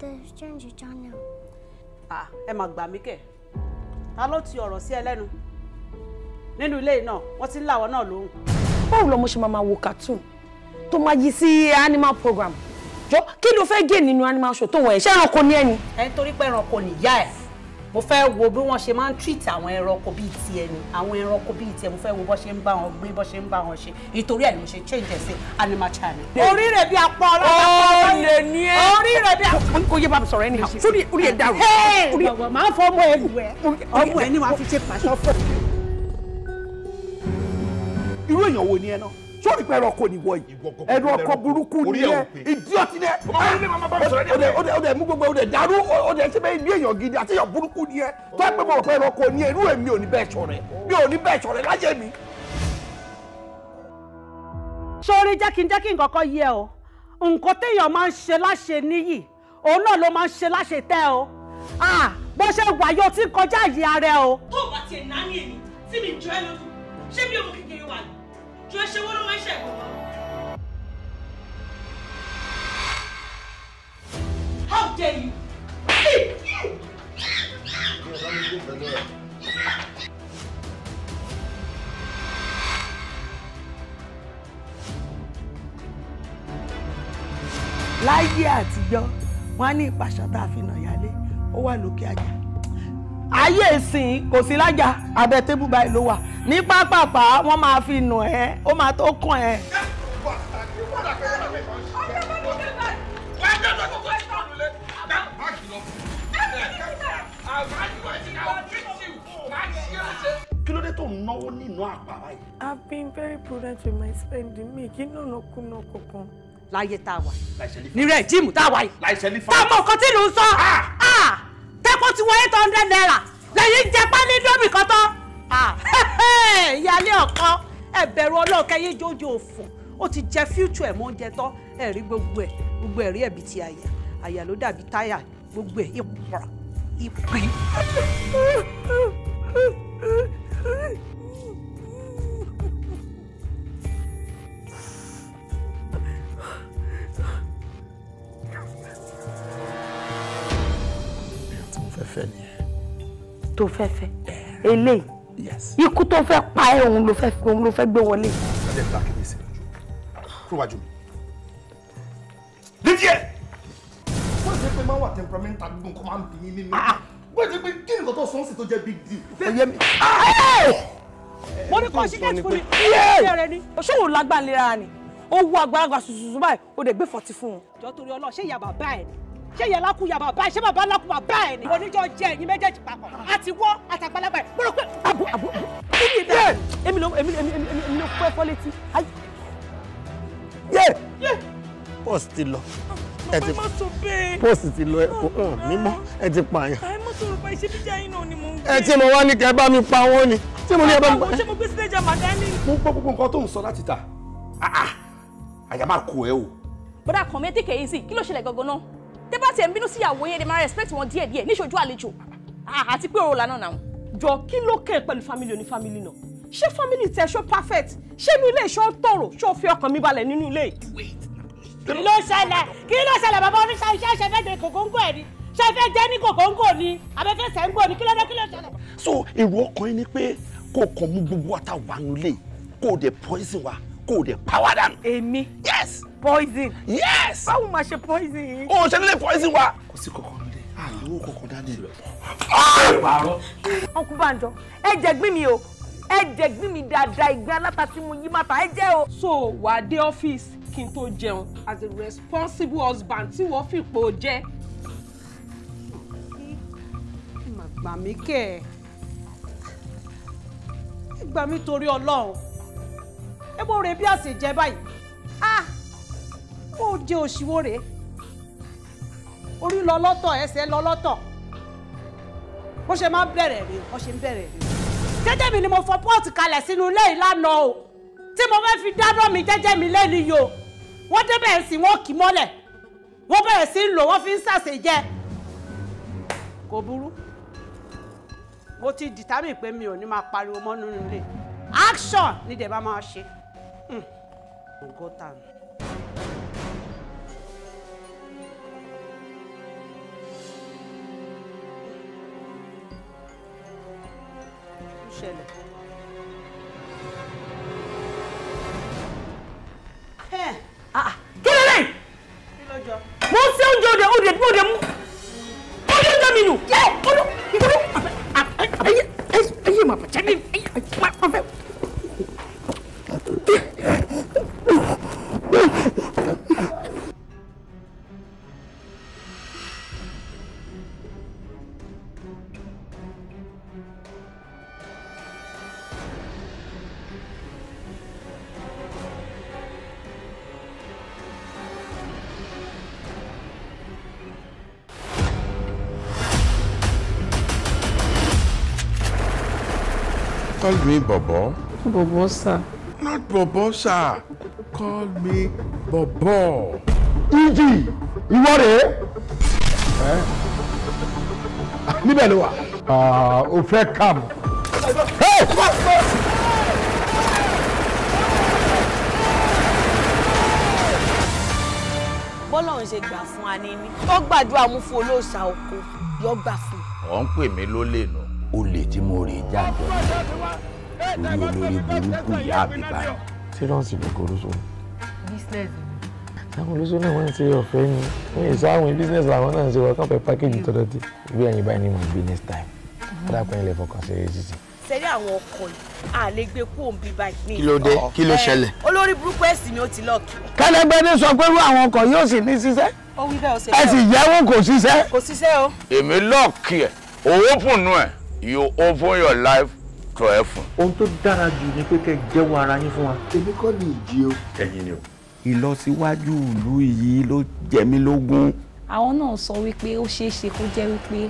tẹ change channel. ah ẹ mà gbà mí kẹ ta ló ti ọ̀rọ̀ sí ẹ lẹ́nu nínú ilé náà wọ́n ti ń láwọn náà lóhùn. báwo lọmọ ṣe máa máa wo cartoon tó máa yí sí animal program Jo, kí ló fẹ́ gé nínú animal show tó wọ̀ ẹ́ ṣé ẹranko ni ẹni. ẹ ń torí pé ẹranko nìyá ẹ mo fẹ́ wo bí wọ́n ṣe máa ń treat àwọn ẹranko bíi ti ẹni àwọn ẹranko bíi ti mo fẹ́ wo bọ́ ṣe ń bá wọn gbé bọ́ ṣe ń bá wọn ṣe nítorí ẹ̀ ni mo ṣe change ẹ̀ sí animal channel. orí rẹ̀ bí apá ọlọ́dà pọ̀ lè ní ẹ. orí rẹ̀ bí apá. kò yẹ bá mi sọ̀rọ̀ ẹni hàn sórí ẹ̀ dàrú sórí pé ẹrọ kò ní wọ yìí ẹrọ ọkọ burúkú ni ẹ idiọti dẹ ó dẹ̀ mú gbogbo ó dẹ̀ dàrú ó dẹ̀ ṣe bẹ́ẹ̀ ní èèyàn gidi àti èèyàn burúkú ni ẹ tó ẹ pé mo rò pé ẹrọ kò ní ẹ irú èmi ò ní bẹ́ẹ̀ ṣọ̀rẹ́ mi ò ní bẹ́ẹ̀ ṣọ̀rẹ́ láyé mi. sórí jẹ́ kí n jẹ́ o nǹkan téèyàn máa ń ṣe láṣẹ níyì òun náà ló máa ń ṣe láṣẹ tẹ́ o bó ṣe wàyí o ti kọjá àyè ara ẹ o. tó o bá ti ẹ̀ náà ní èmi tí mi jọ ẹ lójú ṣé bí ọmọ kékeré wà ní ju ẹṣẹ wo lọ́wọ́ iṣẹ́ How dare you? láyé àtijọ́ wọ́n á ní ìpàṣà tá a fi nà yálé ó wà lókè àjà ayé ìsìn kò sí lájà abẹ tébù báyìí ló wà ní pápápá wọn máa fi nù ẹ ó máa tó kàn ẹ. kí ló dé tó náwó nínú àpá báyìí. I've been very prudent with my spending mi kí nànà kùnà kankan láyé tá a wà nírẹ̀ jíìmù tá a wà yìí tá a mọ nǹkan tí ìlú ń sọ. Ah! Ah! jẹ́ kó ti wọ eight hundred naira lẹ́yìn jẹ pálí dómì kan tán ah. ìyáálé ọ̀kan ẹ̀bẹ̀rù ọlọ́ọ̀kẹ́ yé jójo òfò ó ti jẹ fíútù ẹ̀ mọ́ oúnjẹ tán ẹ̀rí gbogbo ẹ̀ gbogbo ẹ̀rí ẹ̀bí ti àyà àyà ló dàbí táyà gbogbo ẹ̀ ìpàrà ìpín. fẹ́ nìyẹn. tó fẹ́ fẹ́ eléyìí ikú tó fẹ́ pa ẹ́ òun ló fẹ́ òun ló fẹ́ gbé wọlé. ọ̀dẹ̀ ń bá kí ni ìsìn lójú kúrò wájú mi. lídìí ẹ̀. wọ́n ti pé máa wà temperamental gbogbo nǹkan máa ń bí yín nínú. Ah, ah. wọ́n ti pé kí nǹkan tó sọ́ọ́sì tó jẹ́ big deal. ọ̀yẹ́ mi ah! eh, mo ní kọ́ ṣíkẹ́tì fún mi iye rẹ ni ṣóun lágbàlera ni ó wú àgbàlagbà ṣùṣùṣù báyìí ó dẹ̀ gbé fọ́tí fún un. jọ torí ọlọ́ọ̀ ṣé ìyá bàbá ẹ̀ ni ṣé ìyá lákùú bàbá ṣé bàbá lákùú bàbá ẹ ni. oníjọ jẹ ẹyin méjèèjì papọ̀ àti wọ́ àtàgbàlagbà ẹ mo pé. abo abo ibi ibẹ èmi ló èmi èmi èmi ló fẹ́ fọ́ létí. yé ti lọ ẹ ti pọ́s ti lọ mímọ́ ẹ ti pààyàn. ẹ mọ sọ̀rọ̀ pa iṣẹ́ bíjà yín náà ni mo ń gbé. ẹ tí mo wá ní kẹ bá mi pa wọn ni tí mo ní ẹ bá mi pa. ṣé mo gbé sílẹ̀ jà màdání. mo ń gbọ́ gbogbo nǹkan tó ń sọ láti ta ah, ah. àyà máa kó ẹ o. bọ́dà kàn mí take it kí ló ṣẹlẹ̀ gangan náà tẹ́ bá tiẹ̀ ń bínú sí ìyàwó yẹn ẹ máa respect wọn díẹ̀ díẹ̀ níṣojú àlejò ah, àti pé òrò lánàá náà jọ kí ló kẹ́ pẹ̀lú family oní family náà ṣé family tẹ ṣó perfect ṣé inú ilé ṣó tòrò ṣó fi ọkàn mi balẹ̀ nínú ilé. kí ló ṣẹlẹ̀ kí ló ṣẹlẹ̀ bàbá oníṣẹ́ iṣẹ́ ṣe fẹ́ jẹ kòkóńgò ẹ̀ ni ṣe fẹ́ jẹ́ ní kòkóńgò ni abẹ́fẹ́ sẹ́ńgò ni kí ló dé kí ṣẹlẹ̀. so èrò ọkàn yín ni pé kó o kàn mú gbogbo àtàwọn àánú lé kó poison wa kó o power down. èmi. yes poison. yes. báwo máa ṣe poison yìí. o ṣe nílé poison wa. kò sí kankan nílé àlówó kankan dání rẹ. Ah! ọkùnrin banjo ẹ jẹ gbí mi o ẹ jẹ gbí mi dáadáa ìgbín aláta tí mo yí mata ẹ jẹ o. so wà á dé ọ́fíìsì kí n tó jẹun as a responsible husband tí wọ́n fìpò jẹ́. gbà mí kẹ́ ẹ gbà mí torí ọlọ́run ẹ bó re bí àṣejẹ báyìí. Ah! ó jẹ́ òṣìwò rèé orí lọ lọ́tọ̀ ẹsẹ̀ lọ lọ́tọ̀ bó ṣe máa ń bẹ̀rẹ̀ rèé bó ṣe ń bẹ̀rẹ̀ rèé. jẹ́jẹ́ mi ni mo fọ pọ́ọ̀tì kalẹ̀ sínú ilé ìlànà o tí mo fẹ́ fi dáná mi jẹ́jẹ́ mi lẹ́nu yìí o wọ́n débẹ̀ sí wọn kì mọ́lẹ̀ wọ́n bẹ̀rẹ̀ sí lò wọ́n fi ń sàṣe jẹ́ kò burú mo ti dìtámì pé mi ò ní máa pariwo mọ́ nínú ilé action ni dẹ̀ bá máa ṣe. Mm. ṣẹlẹ̀. Ah, ah, kí ló lè. mo ń ṣe oúnjẹ òde òde òde mú oúnjẹ òde mi nù. ayé màá bàjẹ́ mi ayé màá fẹ́. Call me Bobo. Bobo, sir. Not Bobo, sir. Call me Bobo. Iji, you rèé. Eh? Níbẹ̀ belo? wà. Ah, o fẹ́ kàm. Hey! bọ́lọ́run ṣe gbà fún aníní ó gbàdúrà mú fún olóòṣà oko yọ gbà fún. ọ̀ ń pè mí lólè nù olè tí mo rè jájọ orí olórí burúkú ìyá mi báyìí. sírọ́ọ̀sì ló korúso. àwọn olóṣèlú náà wọ́n ń ṣe ọ̀fẹ́ ni wọ́n yẹ sáwọn bísíǹsì làwọn náà ń ṣe wọ́n kàn fẹ́ pákéjì tọ́lọ́ ti. bí ẹ̀yin báyìí ni mo gbé next time kódà ilẹ̀ fọkàn ṣe é ṣiṣẹ́. sẹ́rí àwọn ọkọ̀ yìí à bí báyìí. kí ló dé kí ló ṣẹlẹ̀. olórí burúkú ẹ̀sìn mi ó ti lọ́ọ̀kì. kẹ́lẹ́gbẹ́dé sọ pé irú àwọn ọkọ̀ yóò sì ní ṣiṣẹ́. ó wí bẹ́ẹ̀ ó ṣe bẹ́ẹ̀ o. ẹ kò ṣiṣẹ́. kò ṣiṣẹ́ o. èmi lọ́ọ̀kì ẹ̀ òwò fún un nù ẹ̀ you open your life to heaven. ohun tó dára jù ni pé kẹ́ jẹ́wọ́ ara yín fún wa. èmi kọ́ ni ìjì o. ẹ̀yin ni o. ìlọsíwájú ìlú yìí ló jẹ mí lógún. àwọn náà sọ wípé ó ṣeé ṣe kó jẹ́ wípé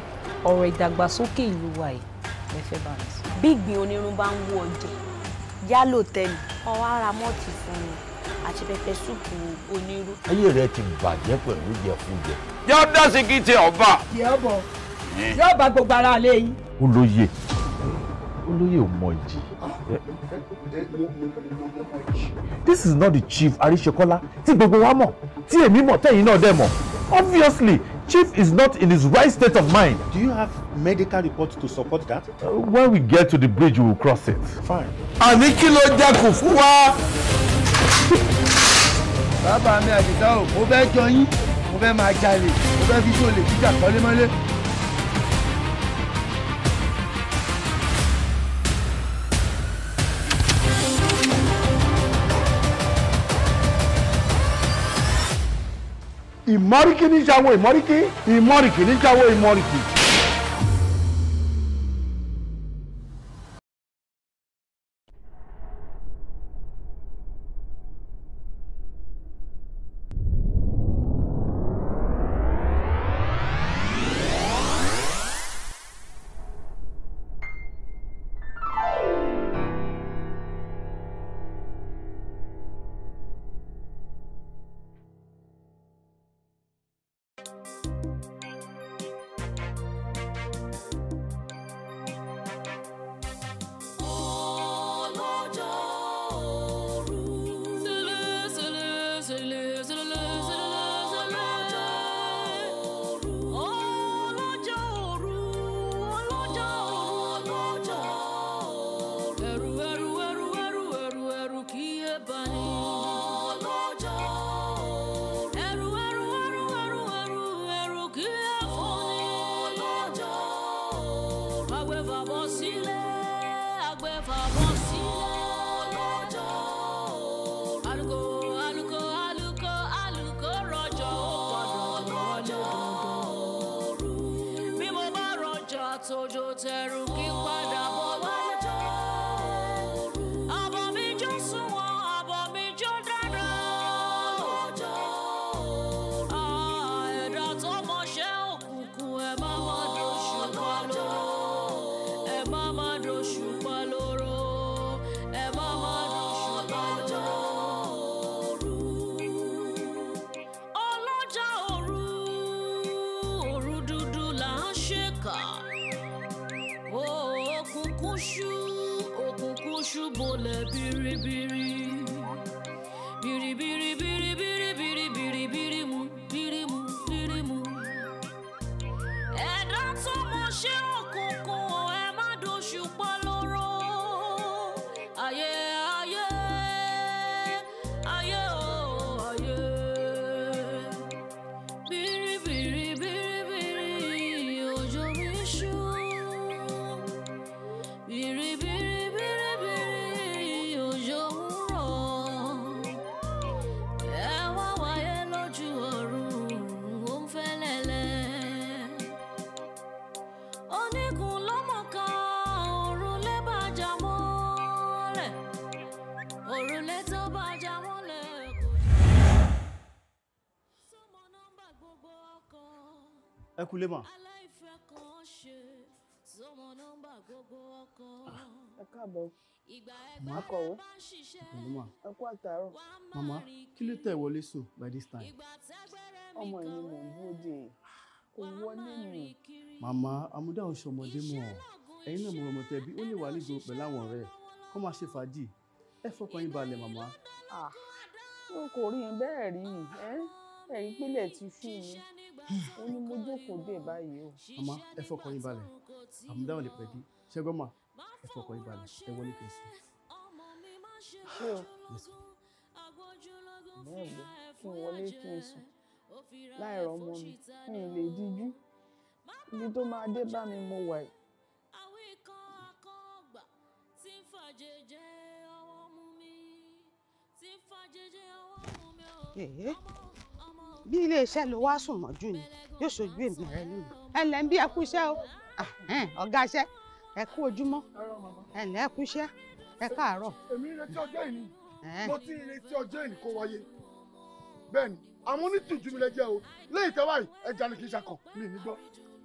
ọ̀rọ̀ ìdàgbàsókè ìlú wa yìí lè fẹ́ bá mi sọ. bí ìgbín onírun bá ń wú ọjẹ yálò tẹlẹ ọwọ́ ara mọ́ọ̀tì fún mi àti pẹpẹ súùpù onírú. ayé rẹ ti bàjẹ́ pẹ̀lú jẹkújẹ. yọ̀ọ́ dá sí kí tiẹ̀ ọba. yẹ́ bọ̀. Eh. yóò bá gbogbo ara lé yín. olóyè olóyè ò mọ ìjì. this is not the chief Aríṣekọ́lá tí gbogbo wa mọ̀ tí èmi mọ̀ tẹ̀yin náà dẹ̀ mọ̀ obviously chief is not in his right state of mind. do you have medical report to support that. Uh, when we get to the bridge we will cross it. fine. àní kí ló jẹ kò fún wa. bàbá mi àdìsá o mo fẹ́ jọ yín mo fẹ́ máa jalè mo fẹ́ fi ṣòlè jíjà kọ́lémọ́lé. ìmọ̀ríkì níjàwó ìmọ̀ríkì ìmọ̀ríkì níjàwó ìmọ̀ríkì. lẹ biribiri. kú lé mà. aláìfẹ́ ah, kan ṣe sọmọ nọ́mbà gbogbo ọkọ. ẹ káàbọ̀ màá kọ̀wé màmá ẹ kú àtàárọ̀. màmá kí ló tẹ̀ wọlé sùn by this time. ọmọ yìí mò ń bóde kò wọlé mi. Mama, amúdá ò ṣọmọdé mọ́ ẹ̀yin náà mo rọmọ tẹbi ó lè wà nígbò pẹ̀lú àwọn ọ̀rẹ́ kó máa ṣe fàájì ẹ fọkàn yín balẹ̀ màmá. n ah, kò rí bẹ́ẹ̀ rí ẹ̀rí pínlẹ̀ ti fún mi ó ní mo jókòó dé báyìí o. àmọ́ ẹ fọkàn yín balẹ̀ àmúdáwọn lè pẹ́ dé ṣẹ́gbọ́n mà ẹ fọkàn yín balẹ̀ ẹ wọlé kẹsì. ṣé o bẹ́ẹ̀ ló kí n wọlé kí n sùn láì rọmọ mi mi lè díjú ibi tó máa dé bá mi mo wà yìí. Ẹ̀ẹ́ bí iléeṣẹ́ ló wá sùn mọ́jú ni yóò ṣojú èmi rẹ lónìí ẹ ǹlẹ́ ń bí ẹ kú iṣẹ́ o ah, ọ̀gá iṣẹ́ ẹ kú ojúmọ́ ẹ ǹlẹ́ ẹ kú iṣẹ́ ẹ káàárọ̀. èmi retí ọjọ́ ìní mo ti retí ọjọ́ ìní kó wáyé bẹ́ẹ̀ ni àwọn onítùjú mi lẹ jẹ́ o lẹ́yìn tẹ́wá yìí ẹja ni kì í ṣakọ̀ mi ní gbọ́.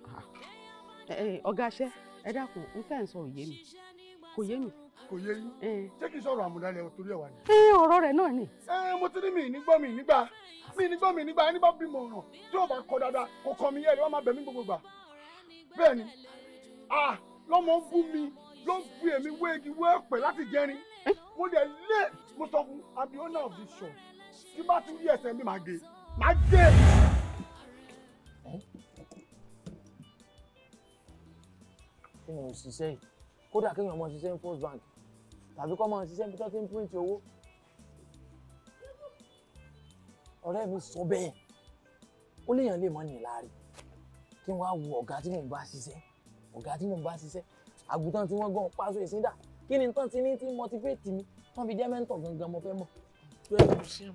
Ah, ọ̀gá iṣẹ́ ẹ dákun n fẹ́ ń sọ òye mi kò yé mi kò yé yín jẹ́ kí n sọ̀rọ̀ àmúdálẹ̀ torí ẹ̀ wá ni. ẹ ọ̀rọ̀ rẹ̀ náà ni. ẹ eh, mo ti ní mi nígbọ́ mi nígbà mi nígbọ́ mi nígbà ẹni bá bímọ ọ̀ràn tí ò bá kọ dáadáa kò kọ mi yẹ́rì wọ́n máa bẹ̀ mí gbogbo gbà bẹ́ẹ̀ ni ah, lọ́mọ ń bú mi ló ń fi èmi wé igi wé pẹ̀ láti jẹrin eh. mo lè lé mo sọ fún àbí owner of this shop tí bá tún rí ẹsẹ̀ mi máa gé máa gé. èèyàn ò ṣiṣẹ́ yìí kódà kéèyàn ọmọ ṣiṣẹ́ ní first bank tàbí kọ́ máa ṣiṣẹ́ níbi tó ti ń píríǹtì owó ọ̀rẹ́ mi sọ bẹ́ẹ̀ ó léèyàn lè mọ́ ní ìlàrí kí wọ́n á wo ọ̀gá tí mò ń bá ṣiṣẹ́ ọ̀gá tí mò ń bá ṣiṣẹ́ àgùntàn tí wọ́n gan pàṣọ ìsíndà kí ni tán ti ní tí motivate mi wọ́n fi jẹ́ mẹ́ńtọ̀ gangan mo fẹ́ mọ̀ tó ẹ̀ ṣe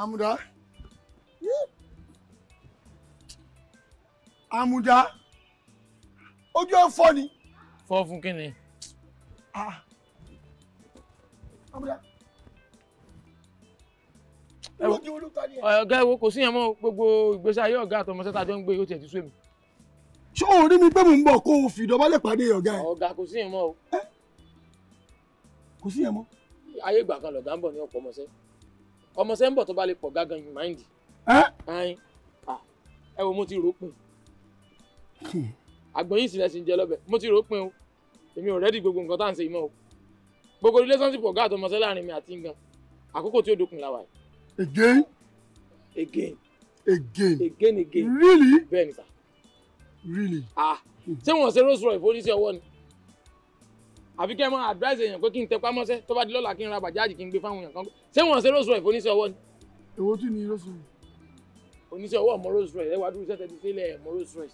àmùdá iṣẹ́ àmùdá ojú ẹ fọ́ ni. fọ́ fún kí ni. àmùdá ah. ọ̀gá ìwọ kò síyàn mọ́ gbogbo ìgbésẹ̀ ayé ọ̀gá àtọmọ sẹ́ta jọ ń gbé yóò tiẹ̀ ti sú èmi. ṣé o rí mi pé mò ń bọ̀ kó o fi ìdọ̀bálẹ̀ pàdé ọ̀gá ẹ̀. ọ̀gá kò síyàn mọ́ o. kò síyàn mọ́. ayé ìgbà kan lọ̀gá ń bọ̀ ní ọ̀pọ̀ ọmọọṣẹ́ ọmọọṣẹ́ ń bọ̀ tó bá lè pọ̀ gágan yìí máìndì. Ah. ẹ wo mo ti rò pin àgbọ̀n yìí sì lẹ́sìn jẹ lọ́bẹ̀ mo ti rò ó pin o èmi ò rẹ́dì gbogbo nǹkan tá à ń ṣe ìmọ̀ o gbogbo relationship ọ̀gá àtọmọṣẹ́ láàrin mi àti ngan àkókò tí ó dópin la wà yìí. again. again. again. again again. really. bẹ́ẹ̀ sà. really. ah ṣé wọn ṣe rose roy fún oníṣẹ́ ọwọ́ ni àbí kẹ́ ẹ máa advise èèyàn pé kí n tẹpá mọ́ṣẹ́ tó bá di lọ́la kí n ra bàjáàjì kí n gbé fáwọn èèyàn kan ṣé wọn ṣe rose roy fún oníṣẹ́ ọwọ́ ni. èwo tún ni rose roy. oníṣẹ́ ọwọ́ mọ rose roy ẹ wá dúró sẹ́tẹ̀ ti sílẹ̀ mọ rose roy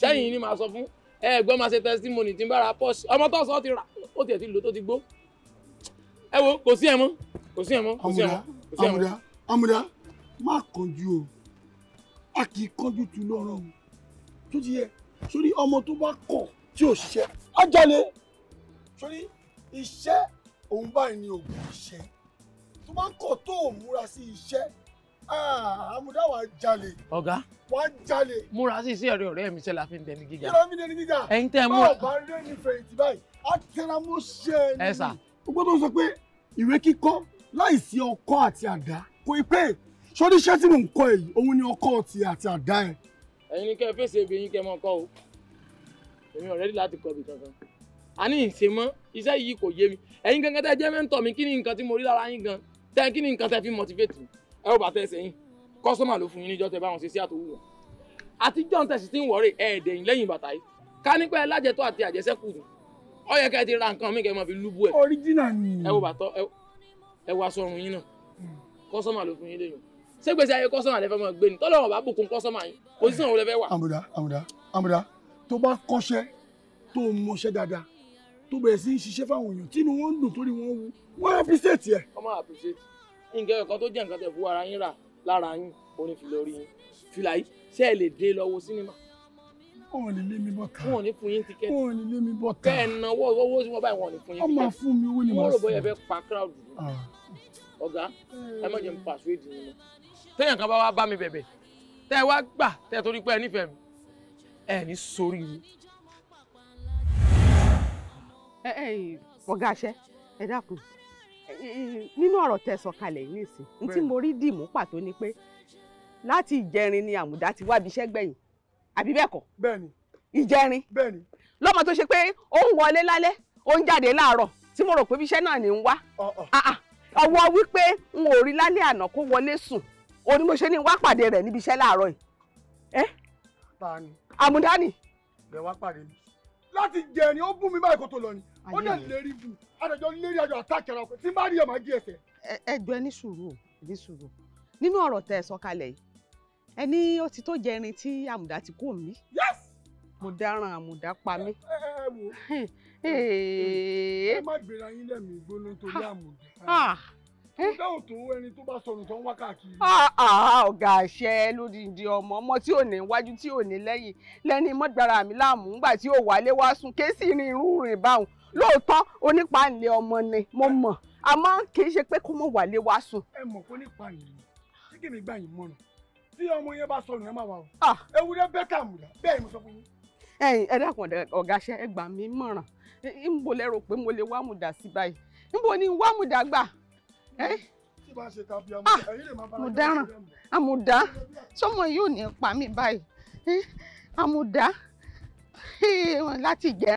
sẹ́yìn ni màá sọ fún ẹ ẹ̀gbọ́n máa ṣe testimony tí ń bára pọ́s ọmọ tó sọ ó ti rà ó tiẹ̀ ti lò tó ti gbó ẹ wo kò sí ẹ mọ́ kò sí ẹ mọ́ kò sí ẹ mọ́ kò sí ẹ mọ́. àmúdá àmúdá má kánjú o a kì í kánjú tu lọ́rọ̀ o tó ti yẹ sórí ọmọ tó bá kọ̀ tí ò ṣiṣẹ́ á sórí iṣẹ́ òun báyìí ni òògùn iṣẹ́ tó bá kọ̀ tó ò múra sí iṣẹ́ àmúdá ah, wa jalè. ọ̀gá wa jalè. múra sí iṣẹ́ ọ̀rẹ́ ọ̀rẹ́ mi ṣe la fi ń dẹni gíga. yọrọ mi dẹni gíga. ẹ̀yin tẹ́ mú. báwo bá rẹ ní fèrèsì báyìí á tẹra mú ṣe é. ẹ sà. o gbọ́dọ̀ sọ pé ìwé kíkọ láìsí ọkọ àti àdá kò ì pé sọdí iṣẹ́ tí mò ń kọ èyí òun ni ọkọ ti àti àdá ẹ. ẹ̀yin ni kẹ́ fèsì ebi yín kẹ́ mọ kọ o èmi ọ̀rẹ́ dì láti kọ bì kankan àní ìṣèmọ iṣẹ́ yìí kò yé mi ẹ̀yin gangan tẹ́ jẹ́ mẹ́ńtọ̀ mi kí ni nǹkan tí mo rí lára yín gan tẹ́ kí ni nǹkan tẹ́ fi motivate ẹ ó bàtẹ́ ẹsẹ̀ yín kọ́sọ́mà ló fún yín níjọ́ tẹ bá wọn ṣe sí àtòwú wọn àti john tẹ̀sí tí ń wọ̀ọ́rẹ̀ ẹ̀ẹ́dẹ̀yìn lẹ́yìn bàtà yìí ká nípa ẹ lájẹtọ àti àjẹsẹ́kù ni ó yẹ ká ẹ ti ra nǹkan mi máa fi lúbú ẹ. original ni. ẹ wo bàtọ ẹ wo aṣọ ọrùn yín náà kọ́sọ́mà ló fún yín lẹ́yìn ṣé gbèsè ayé kọ́sọ́mà lẹ́fẹ́ máa gbé ni tọ́lọ́wọ̀n bá bùkún kọ́sọ́mà yín pòsíṣàn wo lẹ́fẹ́ wà. àmùdá àmùdá àmùdá tó bá kọ́ṣẹ́ tó mọṣẹ́ dáadáa tó bẹ̀rẹ̀ sí í ṣiṣẹ́ fáwọn èèyàn tí inú wọn ń dùn torí wọn wú wọn appreciate ẹ. ọmọ appreciate nǹkan ẹ̀kan tó jẹ́ nǹkan tẹ̀ fún ara yín rà lára yín òun ni fìlà orí yín fìlà yìí ṣé ẹ lè dé lọ́wọ́ sínímà. wọn ò ní lé mi bọ́ ká wọn ò ní fún yín tíkẹ́tì wọn ò ní lé mi bọ́ ká bẹ́ẹ̀ náwó owó tí wọ́n báyìí wọn ò ní fún yín tíkẹ́tì. ọmọ fún mi owó ni màá sọ. wọ́n rò bóyá ẹ fẹ́ pa crowd ah. ọ̀gá ẹ má jẹ́ n persuade yín mọ́. Ah. téèyàn kan bá wá bá mi bẹ̀bẹ̀ tẹ́ ẹ wá gbà tẹ́ ẹ torí pé ẹ nífẹ̀ẹ́ mi ẹ ní sórí mi. ọ̀gá àṣẹ ẹ dákun nínú ọ̀rọ̀ tẹ́ sọ kalẹ̀ yìí nìsín n tí mo rí dìmú pàtó ni pé láti ìjẹrin ni àmùdá ti wá ibiṣẹ́ gbẹ̀yìn àbí bẹ́ẹ̀ kọ́ bẹ́ẹ̀ni ìjẹrin bẹ́ẹ̀ni lọ́mọ tó ṣe pé ó ń wọlé lálẹ́ ó ń jáde láàárọ̀ tí mo rò pé ibiṣẹ́ náà ni ń wá ọwọ́ wípé n ò rí lálẹ́ àná kó wọlé sùn ó mo ṣe ní wá pàdé rẹ̀ níbi iṣẹ́ láàárọ̀ yìí. àmùdá ni. bẹ́ẹ̀ wá pàdé mi láti jẹrin ó bú mi báyìí kó tó lọ ni ó dẹ̀ lérí bù àdàjọ lérí àjọ àtàkì ara ọkọ tí má rí ọmọ gé ẹsẹ̀. ẹgbẹ́ ní sùúrù ní sùúrù nínú ọ̀rọ̀ tẹ́ ẹ yìí ẹni ó ti tó jẹrin tí àmùdá ti kú mi. yes mo dáràn àmùdá pa mí. ẹ wo ẹ má gbéra yín lẹ́mìí gbóná torí àmùdá dáhùn tó ẹni tó bá sọnù tó ń wá káàkiri. ọ̀gá àṣẹ lódìdí ọmọ ọmọ tí ò ní iwájú tí ò ní lẹ́yìn lẹ́ni mọ́gbára mi láàmú ńgbà tí ò wálé wá sùn ké sì ní irú rìn báwọn lóòótọ́ onípanlẹ̀ ọmọ ni mo mọ̀ àmọ́ kì í ṣe pé kó mọ̀ wálé wá sùn. ẹ mọ̀ kó nípa yìí tí kìnìún gbà yín mọ̀ràn tí ọmọ yẹn bá sọnù ẹ má wà o ewúrẹ́ bẹ́ẹ̀ kà múra bẹ́ẹ̀ mo sọ fún yín. ẹ̀yin ẹ dákun ọ̀gáṣẹ ẹ gbà mí mọ̀ràn ń bo lẹ́rọ pé mo lè wá mùdà sí báyìí ń bo ni wá mùdà gbà àmùdáràn àmùdá sọmọ yóò ní pa mí báyìí àmùdá láti jẹ.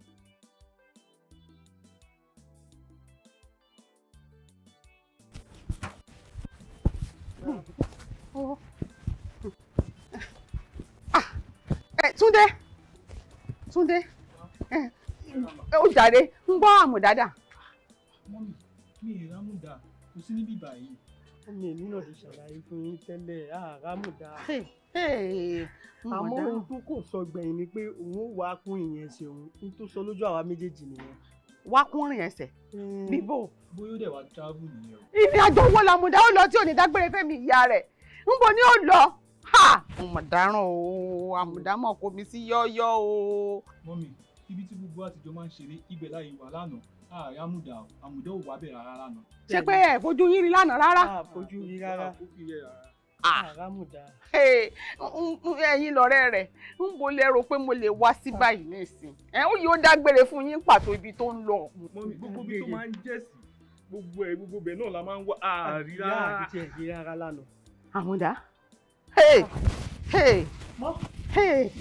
owó. Ah, eh, eh, eh, àmọ́ ohun tó kò sọ gbẹ̀yìn ni pé òun ò wá kún ìyẹn ṣe òun ohun tó sọ lójú àwa méjèèjì nìyẹn. wá kún rìn ẹsẹ̀ hmm. bíbò. bóyá ó dẹ̀ wá travel nìyẹn o. ìrìn àjò wo làmùdá ó lọ tí ò ní dágbére fẹ́mi ìyá rẹ̀ níbo ni ó ha àmọ̀dáràn o àmọ̀dámọ̀ kò mí sí yọ́yọ́ o. mọ́mí ibi tí gbogbo àtijọ́ máa ń ṣeré ibẹ̀ láyé wà lánàá ààrẹ amúdà àmúdá ò wá bẹ̀ rárá lánàá. ṣé pé ẹ fojú yín rí lánàá rárá. fojú yín rárá ààrẹ amúdà. ẹ̀yin lọ̀rẹ́ rẹ̀ ń bo lẹ rò pé mo lè wá sí báyìí nísìn ẹ ó yóò dágbére fún yín pàtó ibi tó ń lọ. mọ́mí gbogbo ibi tó máa ń jẹ́sìn gbogbo ẹ̀ gbogbo bẹ̀ náà la máa ń wá ààrí rárá. ààrí rárá lánàá Ah, àmúdá. Hmm. Hmm.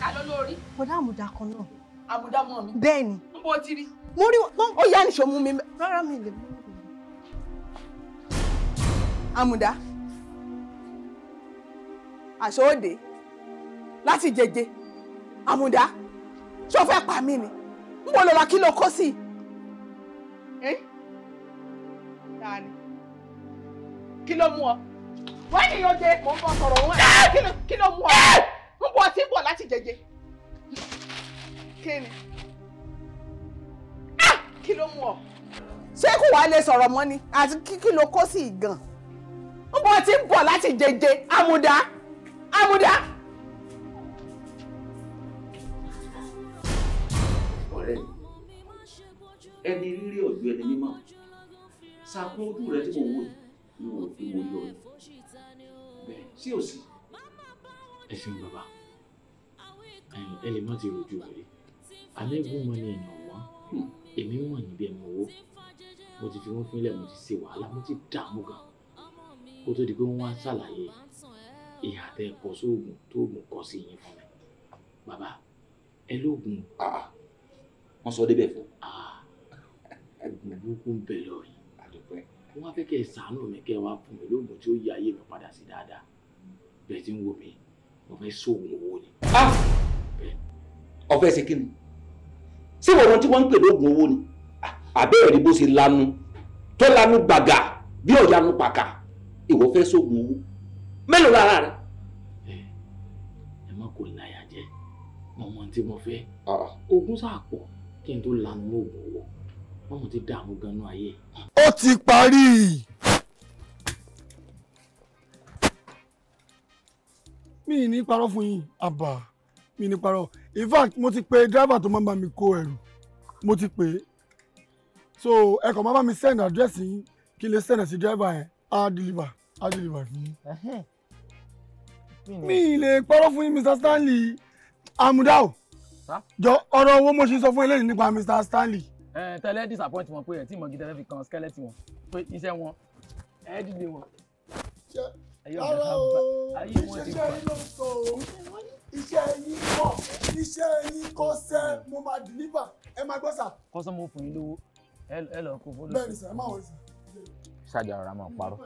ta ló lórí. mo dá àmúdá kan náà. àmúdá mọ mi. bẹ́ẹ̀ ni. n bọ ti rí. mo rí wọn ó yá nìṣó mú mi rárá mi lè mú àmúdá àṣọ́ọ̀dẹ láti jẹjẹ àmùdá ṣó fẹ́ pa mí ni n bò lọ wá kí ló kó sí i. kí ló mú ọ wọ́n ní yóò jẹ mò ń bọ̀ sọ̀rọ̀ wọn ah! kí ló mú ọ n ah! bọ̀ sí bọ̀ láti jẹjẹ kí ni ah! kí ló mú ọ. ṣé kò wá lè sọ̀rọ̀ mọ́ ni àti kí ló kó sí gan n bọ̀ tí ń láti jẹjẹ àmùdá. Àmùdá. ọ̀rẹ́ mi ẹni rírí ọ̀dọ́ ẹni mímọ́ sàkún ojú rẹ tí mo wò yìí mo fi wo yọ bẹ́ẹ̀ sí òsì. ẹ ṣeun bàbá ẹ má ti rojú rẹ alẹ́ ìwọ́n ni èèyàn wọ́n hmm. èmi mọ̀ níbi ẹ̀ mọ̀ owó mo ti fi wọ́n fínlẹ̀ mo ti ṣe wàhálà mo ti dààmú gan kó tó di pé wọ́n wá ṣàlàyé ìhà tẹ kọ sóògùn tóògùn kọ sí yín fún mi bàbá ẹ lóògùn. Ah, ah. wọ́n sọ débẹ̀ fún. oògùn ah, burúkú ń bẹ lọ yìí wọ́n wá fẹ́ kẹ́ ẹ sàánú mi kẹ́ ẹ wá fún mi lóògùn tí ó yí ayé mi padà sí dáadáa bẹ́ẹ̀ tí ń wò mí mo fẹ́ sóògùn owó ni. ọ̀fẹ́ ṣe kí ni ṣé wọn tí wọ́n ń pè lóògùn owó ni àbẹ́rẹ́ ni bó ṣe lanu tó lanu gbàgà bí ọ̀yanu pàkà ìwọ sóògùn owó mélòó lára rẹ. ẹ má kò láyà jẹ mo mọ ohun tí mo fẹ́ ah. ogun sáà pọ̀ kí n tó lanu mọ oògùn owó wọn mo ti dààmú ganan ayé. ó ti parí. mi ní parọ́ fún yín àbá mi ní parọ́ in fact mo ti pe dírẹ́fà tó máa ń bá mi kó ẹrù mo ti pè é so ẹ kàn máa bá mi send address yín kí n lè send ẹ sí dírẹ́fà yẹn á deliver á deliver fún yín mi lè parọ́ fún yín Mr Stanley amudao jọ ọ̀rọ̀ owó mo ṣe sọ fún eléyìí nípa Mr Stanley. ẹ tẹlẹ disappoint wọn pé ẹ tí mo gidi tẹlẹ fi kan skeleton wọn pé iṣẹ́ wọn ẹ dìde wọn. ara o iṣẹ́ yín ló ń sọ o iṣẹ́ yín kọ́ iṣẹ́ yín kọ́ sẹ́ mo máa deliver ẹ máa gbọ́ sà. kọ́sọ́mù fún yín lówó ẹ lọ kó fọ́lọ́. bẹ́ẹ̀ ni sà ẹ máa wọ̀ sà. ṣáàjà ọ̀rọ̀ a máa parọ́.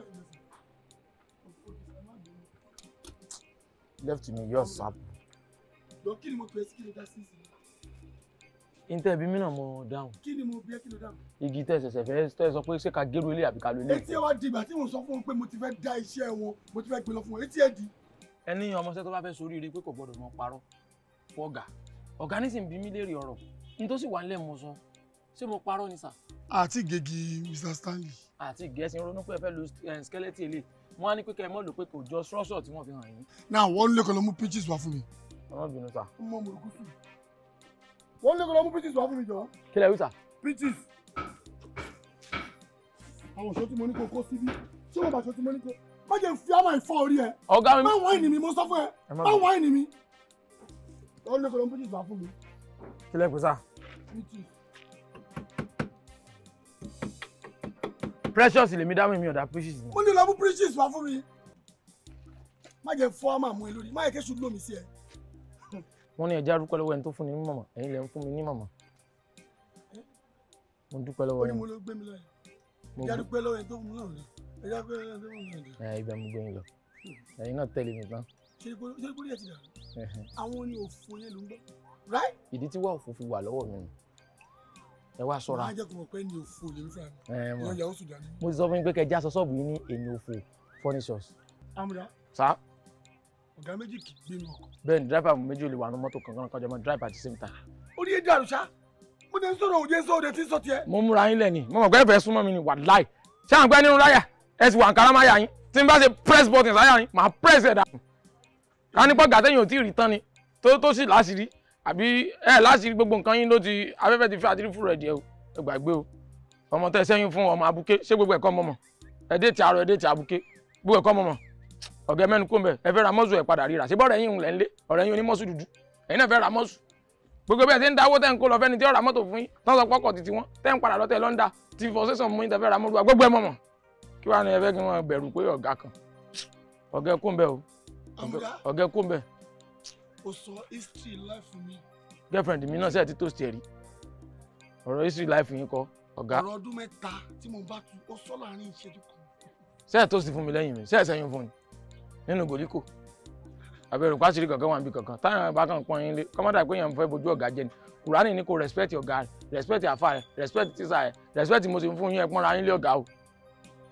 left mi yóò sap. lọ kí ni mo pè é sí kí ni dá sí ìsìn. Intẹ́ bí mi náà mo dáhùn. Kí ni mo bí ẹ́ kí ló dáhùn? Igi tẹ́ ṣẹ̀ṣẹ̀ fẹ́ tẹ́ sọ pé ṣé ká gérú ilé àbí ká lo ilé. Etí ẹ wá di ìgbà tí mo sọ fún un pé mo ti fẹ́ da iṣẹ́ wọn, mo ti fẹ́ gbé lọ fún wọn, etí ẹ di. Ẹni ọmọọṣẹ́ tó bá fẹ́ soríire pé kò gbọ́dọ̀ mọ parọ́ fún ọ̀gá. Ọ̀gá ní sì ń bí mí léèrè ọ̀rọ̀, ní tó sì wà nílẹ̀ mo sọ, ṣé mo parọ́ ni sà? Àti gègì Mr Stanley. Àti gẹ̀ẹ́sì ronú pé ẹ fẹ́ lo eh, skeleton eléyìí wọ́n á ní pé kẹ́ ẹ mọ́ lò pé kò jọ structure tí wọ́n fi hàn yín. náà wọ́n lè kọ́ lọ mú pitches wá fún mi. ọmọ bínú sà. ọmọ mòrùkú sùn. wọ́n lè kọ́ lọ mú pitches wá fún mi jọ. kílẹ̀ wí sà. pitches. àwọn ọ̀ṣọ́ tí mo ní kó kó síbí ṣé wọ́n bá aṣọ tí mo ní kó má jẹ́ fi àmà ìfọ́ orí ẹ. ọ̀gá mi. má wọ́n ìní mi sọ fún ẹ má wọ́n mi. wọ́n lè kọ́ lọ mú pitches wá fún mi. kílẹ̀ kù sà. pitches. precious lèmi dá mi mi ọ̀dà precious ni. mo ní lọ precious wá fún mi má jẹ fọ́ àmọ́ àmú ẹ lórí má yẹ kéṣù lómi sí ẹ. wọ́n ní ẹja dúpẹ́ lọ́wọ́ ẹni tó fún ni ní màmá ẹ̀yin lẹ ń fún mi ní màmá. mo dúpẹ́ lọ́wọ́ ẹni. ó ní mo ló gbé mi lọ yẹn ẹja dúpẹ́ lọ́wọ́ ẹni tó fún mi náà ẹja dúpẹ́ lọ́wọ́ ẹni tó fún mi náà. ẹ ibà mo gbé yín lọ ẹ̀yin náà tẹ̀lé mi tán. ṣe é kórìí ti dàrú àwọn ni òfò yẹn ló ń bọ̀ ìdí tí wà òfò fi wà lọ́wọ́ mi nù ẹ wá ṣọ́ra. wọ́n á jẹ́ kó mọ̀ pé ní òfò lèmi fúnra mi lọ́ọ́ yàwó sùdánì. mo ti sọ fún yín pé kẹjá sọ ṣọ́ọ̀bù yín ní èmi òfò furnitures. amúdá. sá. ọ̀gá méjì kì í gbé inú ọkọ̀. bẹ́ẹ̀ni dráìbà méjì ò lè wà ní mọ́tò kankan kan jọmọ dráìbà ti sèmítà. orí èdè àrùsá mo ti ń sọ̀rọ̀ òde ń sọ òde tí ń sọ tiẹ̀. mo múra yín lẹ́ni mo mọ̀ pé ẹ̀fẹ̀ súnmọ́ mi ni wàláì ṣé à ń gbẹ́ nínú láyà ẹ sì wà ń karama yà yín tí n bá ṣe press button sáyà yín màá press ẹ̀dá. ká ní pọ́ gàtẹ́yìn ò tí ì rí tán ni tó tó sì láṣìírí àbí ẹ láti rí gbogbo nǹkan yín ló ti afẹ́fẹ́ ti fi àtìrí fúru díẹ̀ o ẹ gbàgbé o ọmọ tẹ sẹ́yìn fún ọmọ abuké ṣé gbogbo ẹ̀kọ́ mọ̀mọ̀ ẹ dé ti àrò ẹ dé ti abuké gbogbo ẹ̀kọ́ mọ̀mọ̀ ọ̀gá mẹ́nu kó ń bẹ̀ ẹ fẹ́ ra mọ́sù ẹ̀ padà ríra ṣé bọ́ọ̀rẹ̀ yín lẹ̀ ń lé ọ̀rẹ́ yín onímọ́sù dúdú ẹ̀yin náà fẹ́ ra mọ́sù gbogbo bẹ́ẹ̀ tẹ́ ń dáwó tẹ́ ń kó lọ fẹ́ni tí ó ra mọ́tò fún yín tán sọ pọ́kọ̀ títí wọn tẹ́ ń padà lọ́tẹ̀ lọ́ńdà tí fọ́sẹ̀sọ̀ mú yín tẹ́ fẹ́ ra mọ́tò gbogbo ẹ̀ mọ̀mọ̀ kí wàá ní ẹ fẹ́ kí o ọ̀gá o sọ history life mi. girlfriend mi náà ṣe àti toast ẹ̀rí ọ̀rọ̀ history life yín kọ́ ọ̀gá. ọ̀rọ̀ ọdún mẹ́ta tí mo bá tu ó sọ láàrin ìṣẹ́jú kan. ṣé ẹ̀ toast fún mi lẹ́yìn mi ṣé ẹ̀ sẹ́yìn fún mi nínú gòríkò àbẹ̀rù pàṣírí kankan wà níbi kankan táwọn ọba kan pọn yín lé kọ́mọ́dà pé èèyàn fẹ́ bojú ọ̀gá jẹ ni kùránì ní kò respect ọ̀gá rẹ̀ respect àfa rẹ̀ respect tíṣà rẹ̀ respect mo sì ń fún yín ẹ̀pọ́nra yín lé ọ̀gá o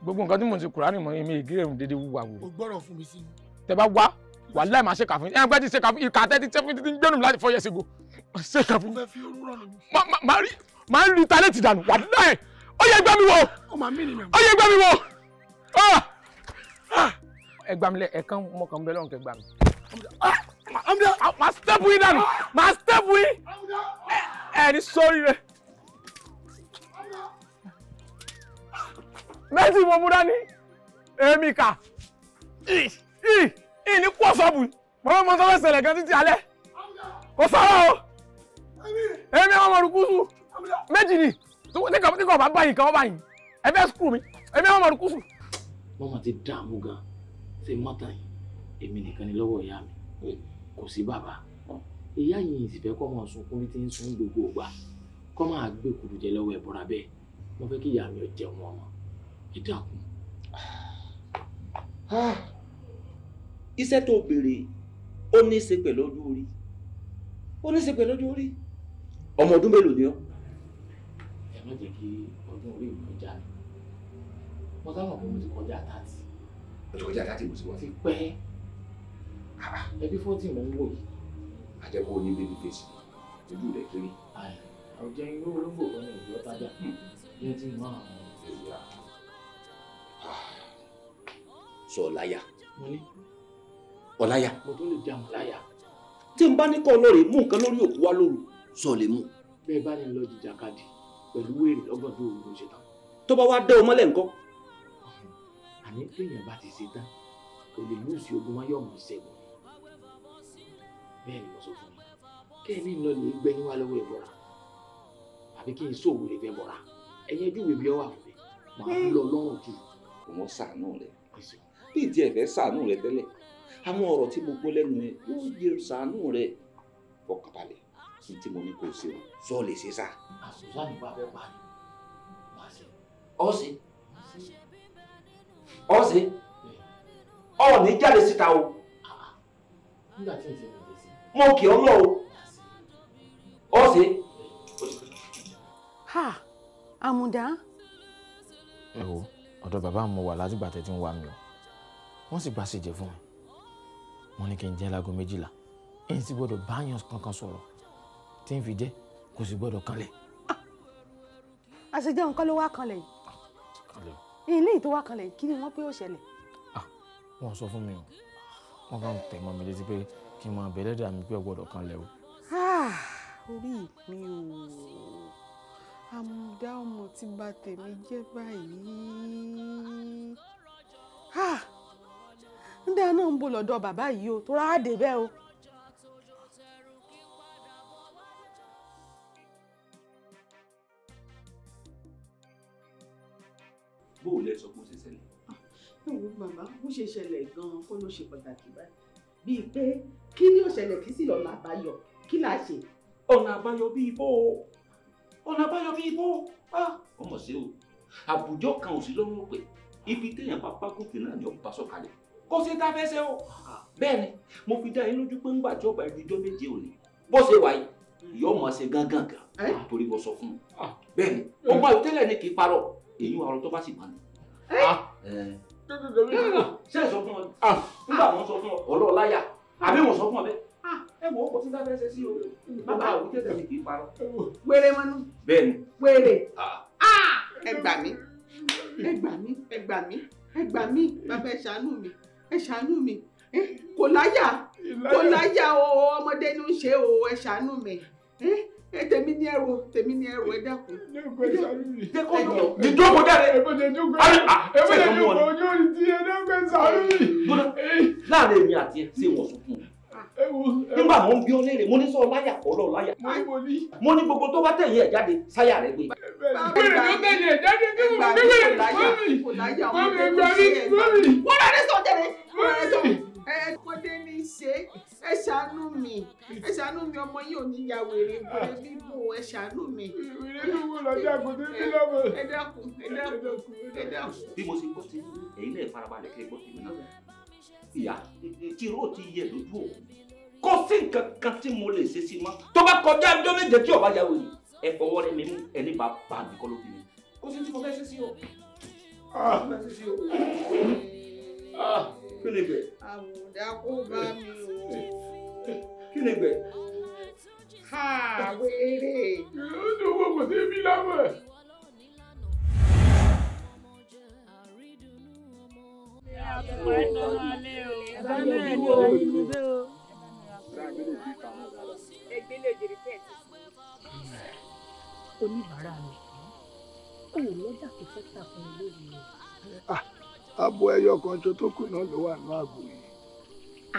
gbogbo nǹkan tí mo ti kùránì mọ èmi ìgírẹ̀ òun dédé wúwa wò. o gbọ́dọ̀ fún mi sí i. tẹ bá wá wàláì máa ṣèkà fún yín ẹ̀ ń gbẹ́ ti ṣèkà fún ìkà tẹ́tí tẹ́tí ti ń gbẹ́nu láti four years ago ṣèkà fún yín máa ń lu talẹ́tì dànù wàláì ó yẹ gbà mí wò ó yẹ gbà mí wò ah! Ah! Ah! ẹ gbà mí lẹ ẹ kàn mọ kàn bẹ lọ́rùn kẹ gbà mí. máa step yín dànù máa step yín ẹ ní sórí rẹ. méjì mo múra ní èmi kà ìní kú ọ̀ṣọ́ọ̀bù mọ̀mọ́ mọ́tò lọ ṣẹlẹ̀ gan títí alẹ́ kò sọ̀rọ̀ o èmi àwọn ọmọdùkúsù méjì ni tí kò bá báyìí kan báyìí ẹ fẹ́ sùkúù mi èmi àwọn ọmọdùkúsù. wọ́n mọ̀ ti dààmú gan ṣe mọ́tà yìí èmi nìkan ni lọ́wọ́ ìyá mi kò sí bàbá ìyá yìí sì fẹ́ kọ́ ọmọ sunkún bí ti ń sun gbogbo ògbà kọ́ máa gbé kùdùjẹ lọ́wọ́ ẹ̀bùra bẹ́ẹ̀ mo fẹ́ kí ìyá mi ò jẹun ọmọ ẹ dákun. Ah iṣẹ́ tó béèrè ó ní í ṣe pẹ̀lú ọjọ́ orí ó ní í ṣe pẹ̀lú ọjọ́ orí ọmọ ọdún mélòó ni ọ́. ẹ má jẹ́ kí ọdún orí mi kọjá mi mo sábà pé mo ti kọjá tààtì. mo ti kọjá tààtì mo ti wọ́n. ti pẹ́ ah, ah. ẹbí fọ́tì mò ń wò yìí. àjẹkù oní bébí fèsì ojú rẹ̀ kéré. àwùjọ irú olóńgbò kan ní ìjọ tájà yẹn hmm. ti mọ àwọn. Ah. sọ láyà. mo ní ọláyà. mo tó lè dá wọn láyà. tí n bá ní kọ́ lóore mú nǹkan lórí òkú wa lóru sọ lè mú. bẹ́ẹ̀ bá ní lọ jìjàkadì pẹ̀lú wéèrè lọ́gbọ̀n tó òun ló ṣe tán. tó bá wá dẹ́ o mọ́lẹ̀ nǹkan. àní téèyàn bá ti ṣe tán kò lè mú ìsì ogun máyọ̀mù ìṣẹ́gun. bẹ́ẹ̀ ni mo sọ fún mi kẹ́ẹ̀ni lọ lè gbẹ́yìn wá lọ́wọ́ ìbọ̀ra àbí kí n sóòwò lè fẹ́ bọ̀ra ẹ̀yẹ júwèé bí ọ wà fún mi màá lọ lọ́rùn jù. kò mọ rẹ bí ìdí ẹ fẹ́ ṣàánú rẹ tẹ́lẹ̀ àwọn ọ̀rọ̀ tí mo gbọ́ lẹ́nu rẹ yóò yẹ sàánú rẹ fọkànbalẹ̀ sí tí mo ní kò ṣe o sọ lè ṣe sá. àṣùṣà nípa fẹ́ pa ni má ṣe ọ̀sẹ̀ ọ̀sẹ̀ ọ̀ọ̀ni jáde síta o. nígbà tí ìṣẹ̀lẹ̀ ìṣẹ̀lẹ̀ sí. mo kì ọ́ lọ o ọ̀sẹ̀. ha àmùdá. ẹ wo ọ̀dọ̀ bàbá mi wà látìgbà tẹ́tí ń wá mi o wọ́n sì gbàṣẹ́jẹ fún mi wọ́n ní kí n jẹ́ láago méjìlá èyí sì gbọ́dọ̀ báyọ̀ kankan sọ̀rọ̀ tí n fi jẹ́ kò sì gbọ́dọ̀ kanlẹ̀. Ah! àṣejẹ́ nǹkan ló wá kanlẹ̀ yìí ilé yìí tó wá kanlẹ̀ yìí kí ni wọ́n pé ó ṣẹlẹ̀. Ah! wọ́n sọ fún mi o wọ́n kàn tẹ̀ mọ́ mi létí pé kí n máa bẹ̀rẹ̀ dà mí pé ó gbọ́dọ̀ kanlẹ̀ o. Ah! orí mi ò àmúdá ọmọ ti bà tèmi jẹ́ báyìí èmi àná ń bọ̀ lọ́dọ̀ bàbá yìí o tó rà á dé bẹ́ẹ̀ o. bó o lẹ sọ pé ó ṣe ṣẹlẹ̀. Ah, ẹ̀wò bàbá ó ṣe ṣẹlẹ̀ gan-an kó ló ṣe pàtàkì báyìí bíi pé kí ni ó kí sì lọ́nà àbáyọ kí là á ṣe. ọ̀nà àbáyọ bíi bó o ọ̀nà àbáyọ bíi bó o. Ah! ọmọ sí o àbùjọ kan ò sí lọ́wọ́ pé ibi téèyàn bá pákó kí náà ni ó bá sọ̀kalẹ̀ kó sí tá fẹ́ ṣe o. Ah. bẹ́ẹ̀ mo fi dá yín lójú ńgbà tí ọba ìdíjọ́ méje ò bó ṣe wáyé yóò mọ̀ ṣe gángan gan ah, torí mo sọ fún un ah. bẹ́ẹ̀ ni mọ ìtẹ́lẹ̀ ní kì í parọ́ èyí wà ọ̀rọ̀ bá sì mọ́ ni. Eh. ṣé sọ fún ọ nígbà wọn sọ fún ọ ọlọ́ọ̀ àbí wọn sọ fún ọ bẹ́ẹ̀ ẹ wọ ọkọ tí n dábẹ́ ṣe sí o bàbá àwọn ìtẹ́lẹ̀ kì í parọ́. wéré mọ́nú bẹ́ẹ̀ wéré ẹ gbà mí ẹ gbà mí ẹ gbà mí ẹ gbà mí bàbá ẹ ṣàánú mi ẹ ṣàánú mi kò láyà kò láyà o ọmọdé ló ń ṣe o ẹ ṣàánú mi ẹ tèmi ní ẹrù tèmi ní ẹrù ẹ dákun. dídú ọkọ dáre. ẹgbẹ́jẹ̀ dúkọ ẹgbẹ́jẹ̀ dúkọ ojú orí ti ẹ̀ẹ́dẹ́gbẹ̀sán rí. láàrin èmi àti ẹ ṣé wọ́n sọ fún ọ nígbà mo ń bí ọ léèrè mo ní sọ láyà ọlọ láyà mo ní gbogbo tó bá tẹ̀yìn ẹ̀ jáde sáyà rẹ gbé. bẹ́ẹ̀ ló tẹ̀yìn ẹ̀ jáde kí mo gbé wẹ̀ mọ́mì mọ́mì mọ́mì mọ́mì. wọ́n rà ní sọ̀tẹ̀rẹ̀ wọ́n rà ní sọ̀tẹ̀rẹ̀ ẹ kọ́dé ní í ṣe ẹ ṣàánú mi ẹ ṣàánú mi ọmọ yìí ò ní ya wèrè kọ́dé bíbò ẹ ṣàánú mi. ìrìn ní wo lọ sí àgùntàn ní lọ́wọ́. ẹ dákun ẹ dákun ẹ dákun. bí mo ṣe gbọ́ sí ẹ̀yin náà farabalẹ̀ kò sí nǹkan kan tí mo lè ṣe sí i mọ́ tó bá kọjá ọjọ́ méje tí ọba yà wòye ẹ fọwọ́ rẹ mi mú ẹni bá bá mi kọ́ lóbi mi kò sí tí mo fẹ́ ṣe sí o. kí ni bẹ. àmùdá kó bá mi o. kí ni bẹ. ha wéré. yóò dùn wọ́n kò sí ibi láwọn. Ẹ bá mẹ́rin ló wà nínú bẹ́ẹ̀ o oníbàárà mi kò lọ́jà tó fẹ́ tà fún mi lórí rẹ̀. abo ẹyọ kan ṣoṣo tó kù náà ló wà ní àgbo yìí.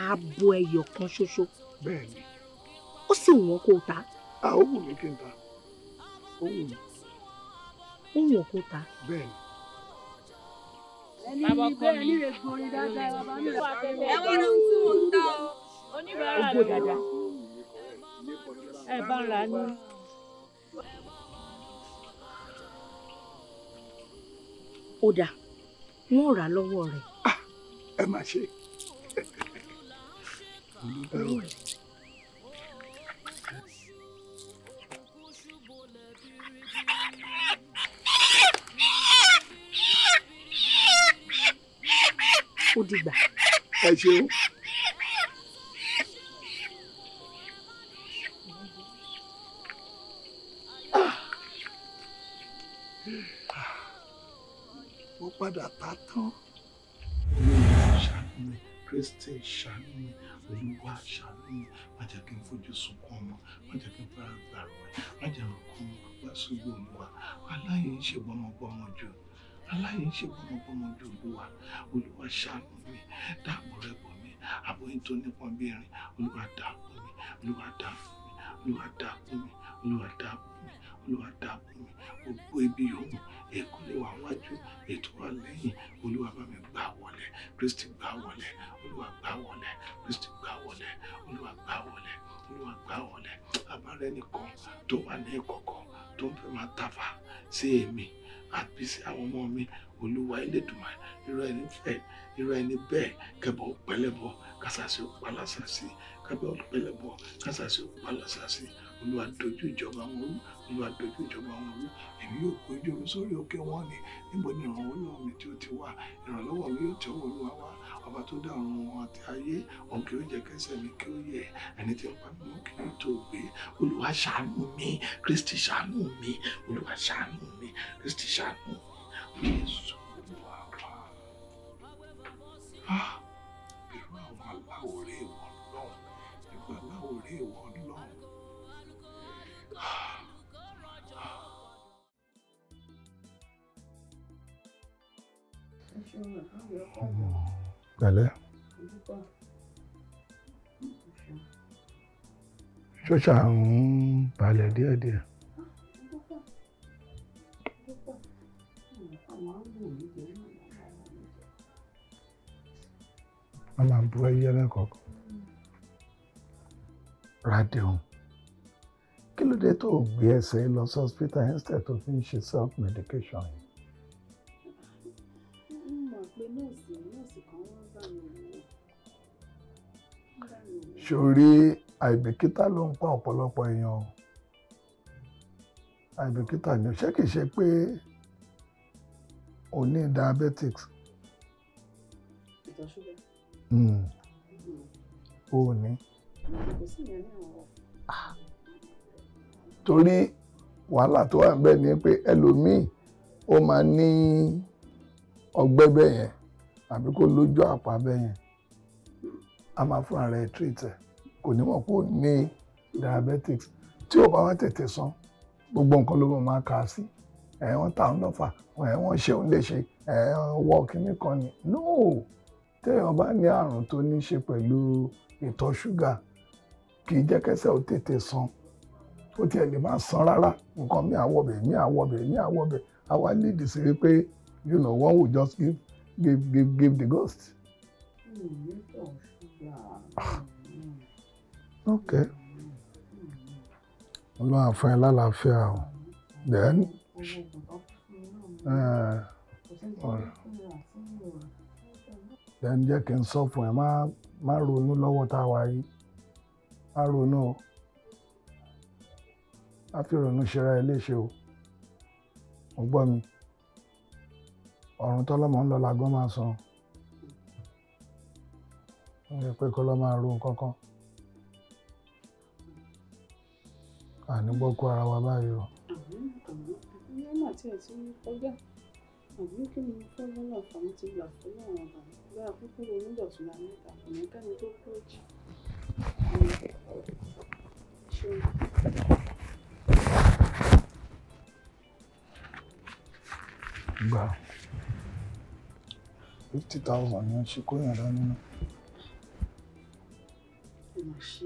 abo ẹyọ kan ṣoṣo. bẹ́ẹ̀ni. ó sì wọ́n kó ta. ó wù mí kí n ta ó wù mí. ó wọ́n kó ta. bẹ́ẹ̀ni bàbá kọ́ mi. ẹni rẹ̀ gbòòrè dáadáa bàbá mi. ẹ̀wọ̀n ló ń tún un tán o oníbàárà ló dada rà lọ́wọ́ rẹ̀. Ah, ẹ má ṣe ó dìgbà. ẹ ṣeun. padà ta tán. olúwa ṣàánú kristi ṣàánú olúwa ṣàánú má jẹ́ kí n fojú sunkún ọmọ má jẹ́ kí n fara gbàrọ ẹ má jẹ́ kí n kún wá sójú olúwa aláyé ń ṣe gbọmọgbọmọ jù aláyé ń ṣe gbọmọgbọmọ jù olúwa olúwa ṣàánú mi dáàbò rẹ bọ mi àbóyún tó nípọn bí irin olúwa dáàbò mi olúwa dáàbò mi olúwa dáàbò mi olúwa dáàbò mi olúwa dáàbò mi gbogbo ibi yòówù ègún lè wà wájú ètò wà lẹ́yìn olúwa bá mi gbà wọlé kristi gbà wọlé olúwa gbà wọlé kristi gbà wọlé olúwa gbà wọlé olúwa gbà wọlé abára ẹnìkan tó wà ní ìkọ̀kọ̀ tó ń fẹ́ máa tàfà sí èmi àbí sí àwọn ọmọ mi olúwa elédùnmáà irọ́ ẹni fẹ́ irọ́ ẹni bẹ́ẹ̀ kẹbọ pẹlẹbọ kásásí òpalásásí kẹbọ pẹlẹbọ kásásí òpalásásí olúwa dojú ìjọba wọn olúwa dojú ìjọba wọn rú èmi yóò kó ojú omi sórí òkè wọn ni níbo ni ìrànwọ́ olúwa mi tí ó ti wà ìrànlọ́wọ́ mi yóò tẹ́wọ́ olúwa wá ọba tó dá ọ̀run wọn àti ayé òun kì yóò jẹ́ kẹsẹ̀ mi kí ó yẹ ẹni tí ń pa mí mọ́ kì yóò tó gbé olúwa ṣàánú mi kristi ṣàánú mi olúwa ṣàánú mi kristi ṣàánú mi jésù olúwa wá. Ah! pẹ̀lẹ́ ṣóṣà ń balẹ̀ díẹ̀díẹ̀. wọ́n máa ń bu ẹyẹ lẹ́kọ̀ọ́kan radeon kí ló dé tó gbé ẹsẹ̀ lọ sí hospital instead tó finish self medication yìí pe nọ́ọ̀sì nọ́ọ̀sì kan wọ́n bá mi wò sórí àìbìkítà ló ń pa ọ̀pọ̀lọpọ̀ èèyàn àìbìkítà ni ṣé kìí ṣe pé o ní diabetics hmm. o ní torí wàhálà tó wà ń bẹ ni pé ẹlòmíì ó máa ní ọgbẹ́ bẹ́ẹ̀ yẹn àbí kó lójú àpá bẹ́ẹ̀ yẹn a máa fúnra rẹ̀ treat ẹ̀ kò ní mọ̀ pé ó ní diabetics tí ó bá wá tètè san gbogbo nǹkan ló máa kà á sí ẹ̀ wọ́n ta ń lọ́fà ẹ̀ wọ́n ṣe òun lè ṣe ẹ̀ wọ́ kínní kan ni no téèyàn bá ní àrùn tó ní ṣe pẹ̀lú ìtọ̀ ṣúgà kì í jẹ́ kẹsẹ̀ ó tètè san ó tiẹ̀ lè má san rárá nǹkan mi àwọ̀bẹ̀ mi àwọ̀bẹ̀ mi àwọ̀bẹ̀ àwa lédìí sí wípé you know, one would just give, give, give, give the ghost. okay. Ọlọ́run á fún ẹ lálàáfíà Then. Eh, Then jẹ́ kí n sọ fún ẹ, má ronú lọ́wọ́ tá a wà yìí. Má ronú o. Má fi ronú ṣera ọ̀run tọ́lọ́mọ ń lọ làgán máa sàn ó yẹ pé kọ́ máa ro nǹkan ànígbọ́ kó ara wa báyìí o. ìyá náà tiẹ̀ ti kọjá àbí kí ni fẹ́ lọ́nà fún ti gbà fún àwọn àbàmì bá a kúkú onídọ̀tún la mẹ́ta ọ̀nà kẹ́ni tó Wow fifty thousand ṣe kó yàn dání náà. ṣe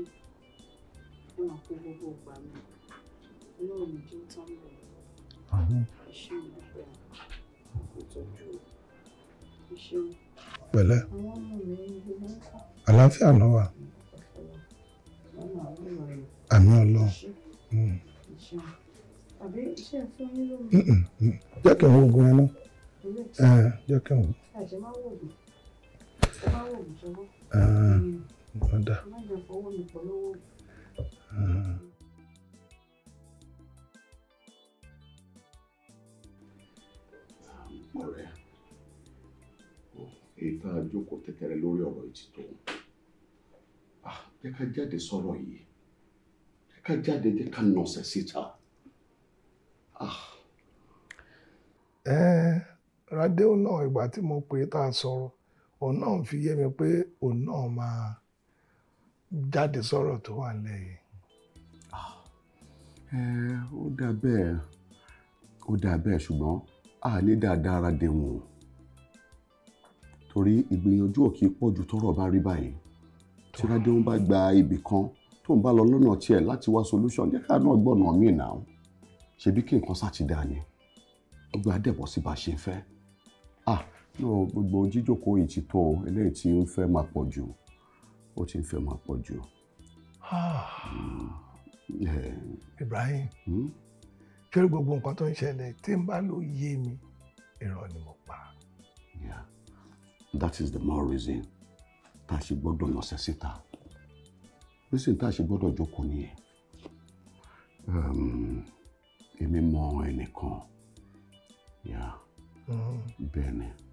ẹ mà gbogbo ìgbà mi inú mi jó tán lọ ẹ mi pẹ kó tọ́jú ẹ pẹ̀lẹ́ àlàáfíà náà wà àmì Ọlọ́run mm. mm. jẹ́ kí n wo ogun ẹ náà. Ah, ah, jẹ́ kí n wò. ẹ̀jẹ̀ máa ń wò mí ẹ máa ń wò mí ṣọwọ́. ọ̀dà. má jẹ́ fọwọ́ mi pọ̀ lọ́wọ́. Ah, ọ̀rẹ́ ètò àjókòó tẹ́tẹ́rẹ́ lórí ọ̀rọ̀ ìtìtọ́ jẹ́ ká jáde sọ̀rọ̀ yìí jẹ́ jáde jẹ́ nọ̀sẹ̀ síta. Eh, Rádéó náà ìgbà tí mo pè tá a sọ̀rọ̀ òun náà fi yé mi pé òun náà máa jáde sọ̀rọ̀ tó wà lẹ́yìn. Ah, ẹ ó dà bẹ́ẹ̀ ó dà bẹ́ẹ̀ ṣùgbọ́n a ní dáadáa ara dẹ̀wọ̀n torí ìgbìyànjú ò kì í pọ̀ ju tọ́rọ̀ bá rí báyìí tí Rádéó bá gba ibì kan tó ń bá lọ lọ́nà tiẹ̀ láti wá solution jẹ́ ká náà gbọ́nà míì náà ṣebí kí nǹkan sá ti dáa ni gbogbo adẹ́bọ̀ sí bá ṣe ń gbogbo jíjókòó yìí ti tó eléyìí tí ń fẹ́ máa pọ̀ jù ó ti ń fẹ́ máa pọ̀ jù. Ah. Hmm. Eh. Ibrahim ṣé hmm? gbogbo nǹkan tó ń ṣẹlẹ̀ tí n bá ló yé mi irọ́ ni mo pa. Yeah. That is the more reason tá a ṣe gbọ́dọ̀ yànṣẹ́ síta reason tá a ṣe gbọ́dọ̀ jókòó nìyẹn um, èmi mọ ẹnìkan hmm. bẹ́ẹ̀ ni. Yeah. Mm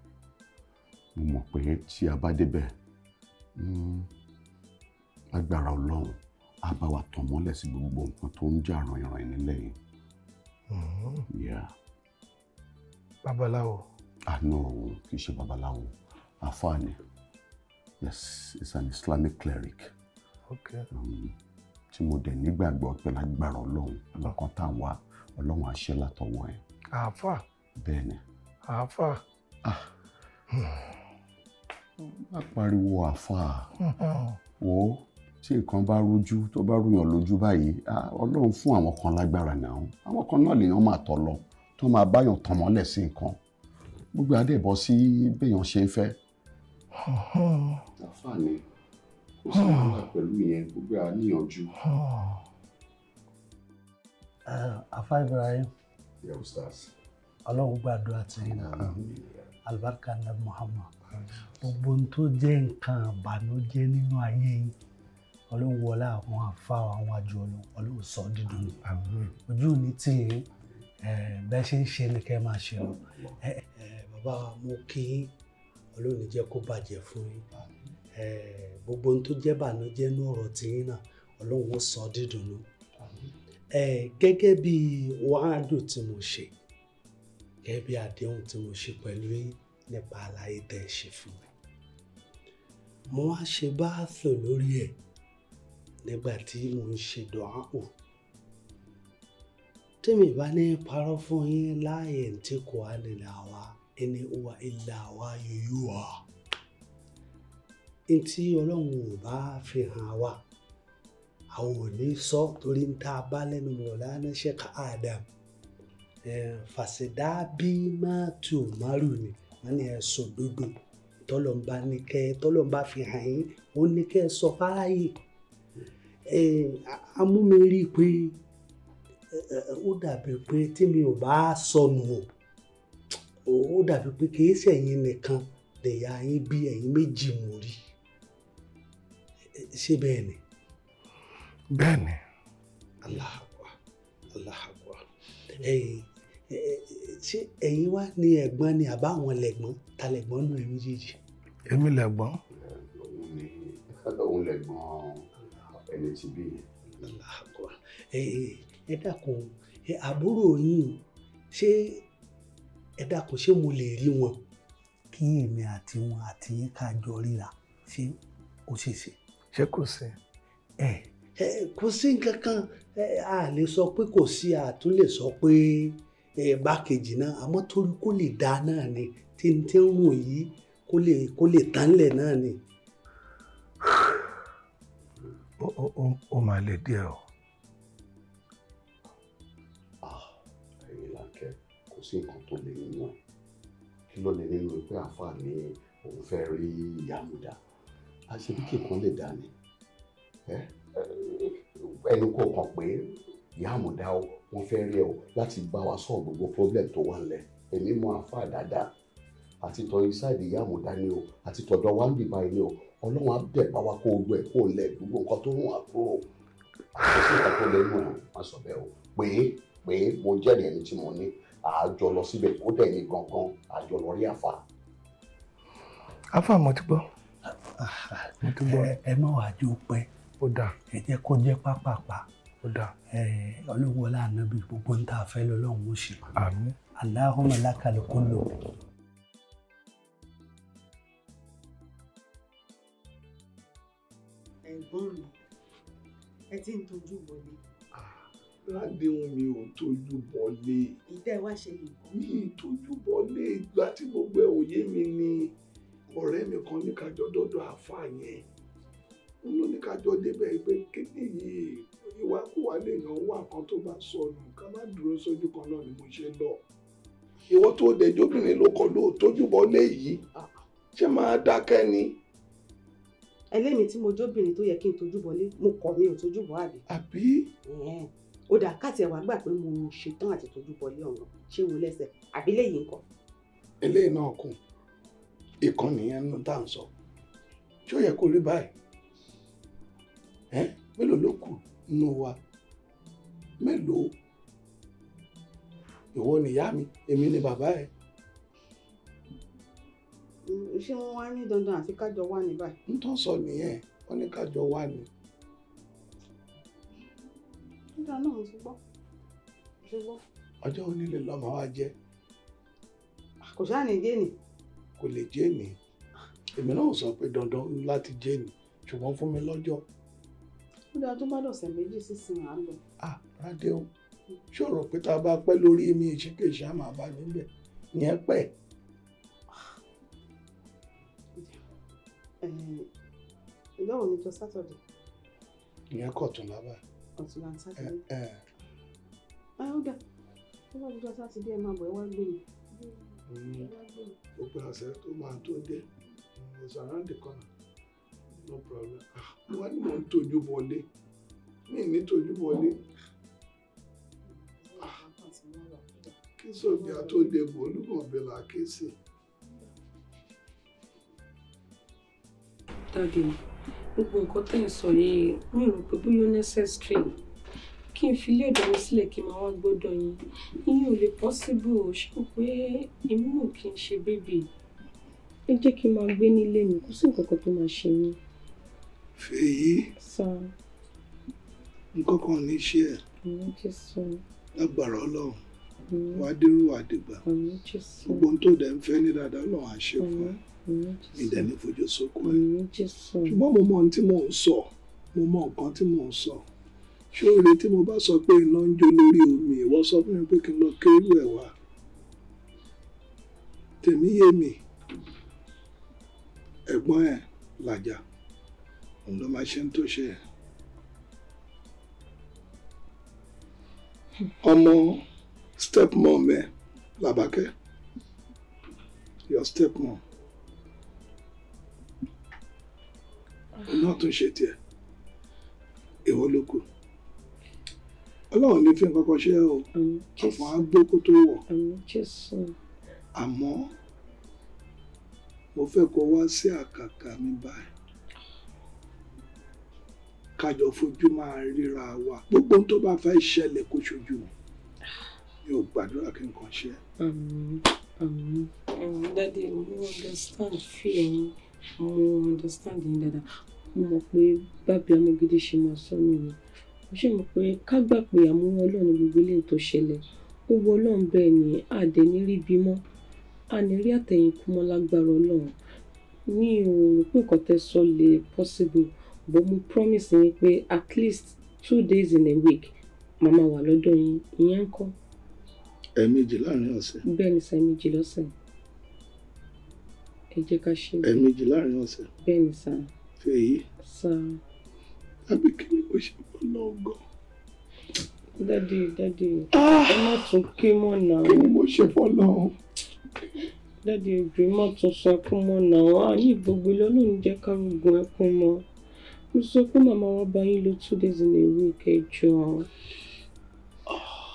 mo mọ̀ pé tí a bá débẹ̀ agbára hmm, ọlọ́run á bá wa tàn mọ́lẹ̀ sí gbogbo nǹkan tó ń jà ràn ìràn nílẹ̀ yìí. Hmm. babaláwo. àná ah, òun kì í ṣe babaláwo àfáàní yes is an Islamic cleric. okay. Um, tí mo dẹ̀ nígbàgbọ́ pé lágbára ọlọ́run lọ́kàn tá à ń wá ọlọ́run àṣẹ látọwọ́ ẹ̀. àáfà. bẹ́ẹ̀ ni. àáfà. ah. Hmm má pariwo àfáà wò ó tí nǹkan bá rújú tó bá rúyàn lójú báyìí ọlọ́run fún àwọn kan lágbára náà àwọn kan náà lèèyàn máa tọ̀ lọ tó máa báyàn tàn mọ́lẹ̀ sí nǹkan gbogbo àdébọ̀ sí béèyàn ṣe ń fẹ́. àfáà ni kò sí wàhálà pẹ̀lú ìyẹn gbogbo àníyànjú. àfáà Ibrahim ọlọ́run gbàdúrà tí àlùbáríkà nàbì Muhammad gbogbo ohun tó jẹ́ nǹkan àbànújẹ́ nínú ayé yín ọlọ́run wọlé àwọn àfa àwọn àjọ ọlọ́run sọ dídùn ojú ní tí bẹ́ẹ̀ ṣe ń ṣe ni kẹ́ máa ṣe lọ bàbá mo kí ọlọ́run jẹ́ kó bàjẹ́ fún yín gbogbo ohun tó jẹ́ bànújẹ́ ní ọ̀rọ̀ tiyín náà ọlọ́run ó sọ dídùn nù gẹ́gẹ́ bí wàhálà tí mo ṣe gẹ́gẹ́ bí àdéhùn tí mo ṣe pẹ̀lú yín nípa àlàyé tẹ́ ẹ ṣe fún mi mo wá ṣe báàsọ lórí ẹ̀ nígbà tí mo ń ṣe dùnáàpò tèmi bá ní parọ́ fún yín láàyè tí kò á nílẹ̀ àwa ẹni wà ilẹ̀ àwa yòyó wa n tí ọlọ́run ò bá fi hàn wá àwọn ò ní sọ torí ta bá lẹ́nu mọ̀ lánàá ṣẹ́ka Adam fàṣẹdá bí má tù márùn ni wọ́n ní ẹ sòdodo tọ́lọ́mbà ní kẹ́ tọ́lọ́mbà fi hàn yín ó ní kẹ́ sọ fáráyè amúmeri pé ó dàbí pé tí mi ò bá sọnù o ó dàbí pé kì í ṣẹ̀yìn nìkan lèyà yín bí ẹ̀yìn méjì mò rí ṣé bẹ́ẹ̀ ni. bẹ́ẹ̀ ni. Allahu Akbar Allahu ṣé ẹ̀yin wá ní ẹ̀gbọ́n ni àbáwọn lẹ̀gbọ́n ta lẹ̀gbọ́n nù ẹ̀ méjèèjì. èmi lẹ̀gbọ́n. òun lẹ̀gbọ́n ẹni tí bí. ẹ dákun àbúrò yín ṣé ẹ dákun ṣé mo lè rí wọn. kí èmi àti wọn àti yín ká jọ ríra ṣé ó ṣe ṣe. ṣé kò sí. ẹ kò sí nǹkan kan a lè sọ pé kò sí a tún lè sọ pé igbákejì náà àmọ́ torí kó lè dáa náà ni tí n ti ń rùn yìí kó lè kó lè tánlẹ̀ náà ni. ó máa lè díẹ̀ o. Ah, ẹ̀yin làkẹ́ kò sí nǹkan tó lè nínú ẹ̀ kí ló lè nínú pé àǹfààní òun fẹ́ rí ìyàmúdà àṣebíkì kan lè dá ni ẹnu kò kàn pé ìyàmúdà o wọ́n fẹ́ rí ẹ o láti bá wa sọ gbogbo problem tó wà lẹ̀ èmi mọ àfa dáadáa àti tọ́ ìsáàdì ìyá àmúdá ni o àti tọ̀dọ̀ wa ń bìbá ilé o ọlọ́run á bẹ̀ bá wa kó o gbẹ kó o lẹ̀ gbogbo nǹkan tó rún àkúrò àkọsí nǹkan tó lẹ́nu ẹ̀ má sọ bẹ́ẹ̀ o pé pé mo jẹ́rìí ẹni tí mo ní àjọ lọ síbẹ̀ ó dẹ̀ ní gangan àjọ lọ rí àfa. àfa mo ti gbọ́. mo ti gbọ́ ẹ má wàá jó pẹ́ ó dà ẹ jẹ́ kó jẹ́ pápápá ọlọ́run wọlé ànábì gbogbo ń tà fẹ́ lọ́lọ́run ó ṣe. Allahumma lakal kullu. ẹ̀gbọ́n mi ẹ ti ń tọ́jú wọlé. Ah, Ládéhùn mi ò tójú bọ́lé. Ìtẹ́ wá ṣe nìkan. Mi ì tójú bọ́lé ìgbà tí gbogbo ẹ̀ òye mi ni ọ̀rẹ́ mi kan ní kájọ dọ́dọ̀ àáfàá yẹn. N ló ní débẹ̀ pé kíni yìí ìwàkúwà lèèyàn wà kan tó bá sọnù ká má dúró sójú kan náà ni mo ṣe lọ ìwọ tó dẹjọbìnrin ló kọ ló tójúbọ léyìí ṣé máa dákẹ́ ni. ẹlẹ́mìí tí mo jóbìnrin tó yẹ kí n tójúbọ lé mo kọ̀ mi ò tójúbọ àbí. àbí. ó dà káàtì ẹ̀wà gbà pé mo ṣetán àti tójúbọ lé ọ̀rọ̀ ṣé wo lẹ́sẹ̀ àbí léyìí nǹkan. eléyìí náà kùn ìkànnì yẹn ń tà ń sọ ṣé ó yẹ kó rí báyìí mélòó ló kù nù wa mélòó ìwọ nìyá mi èmi ni bàbá ẹ. ṣé wọn wá ní dandan àti kájọ wà ní báyìí. n tó sọ nìyẹn wọn ní kájọ wà ní. nígbà náà mo ti gbọ́ ti gbọ́. ọjọ́ onílé lọ́mọ wa jẹ́. kò sáà ní jẹ́nì. kò lè jẹ́nì èmi náà sọ pé dandan láti jẹ́nì ṣùgbọ́n fún mi lọ́jọ́ ó dáa tó bá dọ̀sẹ̀ méjì sísìn à ń lọ. ah rádé o ṣòro pé tá a bá pẹ́ lórí mi ìṣíkèṣá máa bá níbẹ̀ ìyẹn pẹ́. ìdáhùn ni jọ sátọ̀dẹ̀. ìyẹn kọ̀ tún lábà. ọ̀tún là ń sátọ̀dẹ̀. ẹ ẹ ó dáa tó bá jọ sátidé ẹ máa bọ̀ ẹ wá gbé mi. Hmm. ó pẹ́ ọ̀sẹ̀ tó máa tó dé ọ̀sán round the corner no problem ah, mo wá ní mò ń tọ́jú bọlé mi ní tọ́jú bọlé ah, kí sóbi àtòdèbò olúmọ̀bẹ là ké sí. dáàdì gbogbo nǹkan tẹ́ ẹ̀ sọ yìí mi rò pé bóyá necessary kí n fi ilé ọ̀dọ́ mi sílẹ̀ kí n máa wá gbọ́dọ̀ yín ìyẹn ò lè possible ṣé kò pé èmi náà kì í ṣe bébì ẹ jẹ́ kí n máa gbé nílé mi kó sí nǹkan kan tó máa ṣe mí fèyí nǹkan kan ní iṣẹ́ ẹ̀ lágbára ọlọ́run wà á dérú wà á dìgbà gbogbo ohun tó dẹ̀ ń fẹ́ ní dáadáa ọlọ́run á ṣe fún ẹ ìdẹ̀ni fojú sunkún ẹ ṣùgbọ́n mo mọ ohun tí mò ń sọ mo mọ nǹkan tí mò ń sọ ṣóòrè tí mo bá sọ pé iná ń jó lórí omi ìwọ sọ fún mi pé kí n lọ kéwú ẹ wá tèmi yé mi ẹ̀gbọ́n ẹ̀ làjà òun ló máa ṣe ń tó me, la stepmom ẹ Làbákẹ́ your stepmom òun náà tún ṣe tiẹ̀ ìwọ ló kù Ọlọ́run ní fi nǹkan kan ṣe o ọ̀fọ̀ á gbé kó tó wọ̀ àmọ́ mo fe kó wá sí àkàkà mi báyìí kájọ fojú máa ríra wa gbogbo ohun tó bá fẹ́ ṣẹlẹ̀ kó ṣojú yóò gbàdúrà kí nǹkan ṣe. dádì mo understand fear yín mo understand yín dáadáa mo mọ̀ pé bábí amúgídí ṣe máa sọ nìyẹn mo ṣe mọ̀ pé ká gbà pé àmúwọ́ ọlọ́run gbogbo ilé tó ṣẹlẹ̀ ó wọ ọlọ́run bẹ́ẹ̀ ni àdẹ́ni rí bímọ ànírí àtẹ̀yìnkú mọ́ lágbára ọlọ́run mi ò rò pé nǹkan tẹ́ sọ lè possible But mo promise yín pé at least two days in a week màmá wà lọ́dọ̀ yín ìyẹn ń kọ́. ẹ̀ẹ̀mejì láàrin ọ̀sẹ̀. bẹ́ẹ̀ ni sá ẹ̀ẹ̀mejì lọ́sẹ̀. ẹ jẹ́ ká ṣe. ẹ̀ẹ̀mejì láàrin ọ̀sẹ̀. bẹ́ẹ̀ ni sá. fèyí. sá. àbí kí ni mo ṣe mọ́ náà gan. dádì dádì ah! ẹ má tún kí mọ́ náà. kí ni mo ṣe fọ́ náà. dádì ìgbìmọ̀ tún sọ ẹkún mọ́ náà a gbogbo ilé olóhùn jẹ́ ká rògùn ẹkún mọ́ mo sọ pé màmá wa bá yín two days in a week ẹ jọ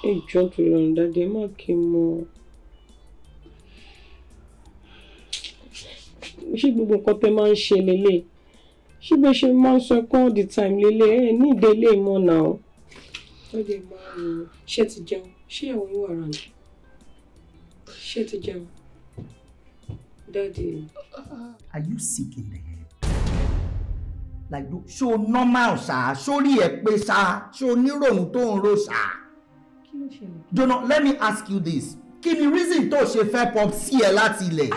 ẹ jọ tó lọ ní dáadé má kí n be ṣé gbogbo nǹkan tẹ máa ń ṣe lélẹ̀ ṣé bó ṣe máa the time lélẹ̀ ẹ ní ìdílé mọ́ náà. ó lè máa ń ṣe ti jẹun ṣé ìyàwó yín wà rán Are you sick in the head? like do so normal ṣá sórí ẹ pé ṣá so níròhùn tó ń ro Do not let me ask you this kí ni reason tó ṣe fẹ́ pop sí ẹ láti ilẹ̀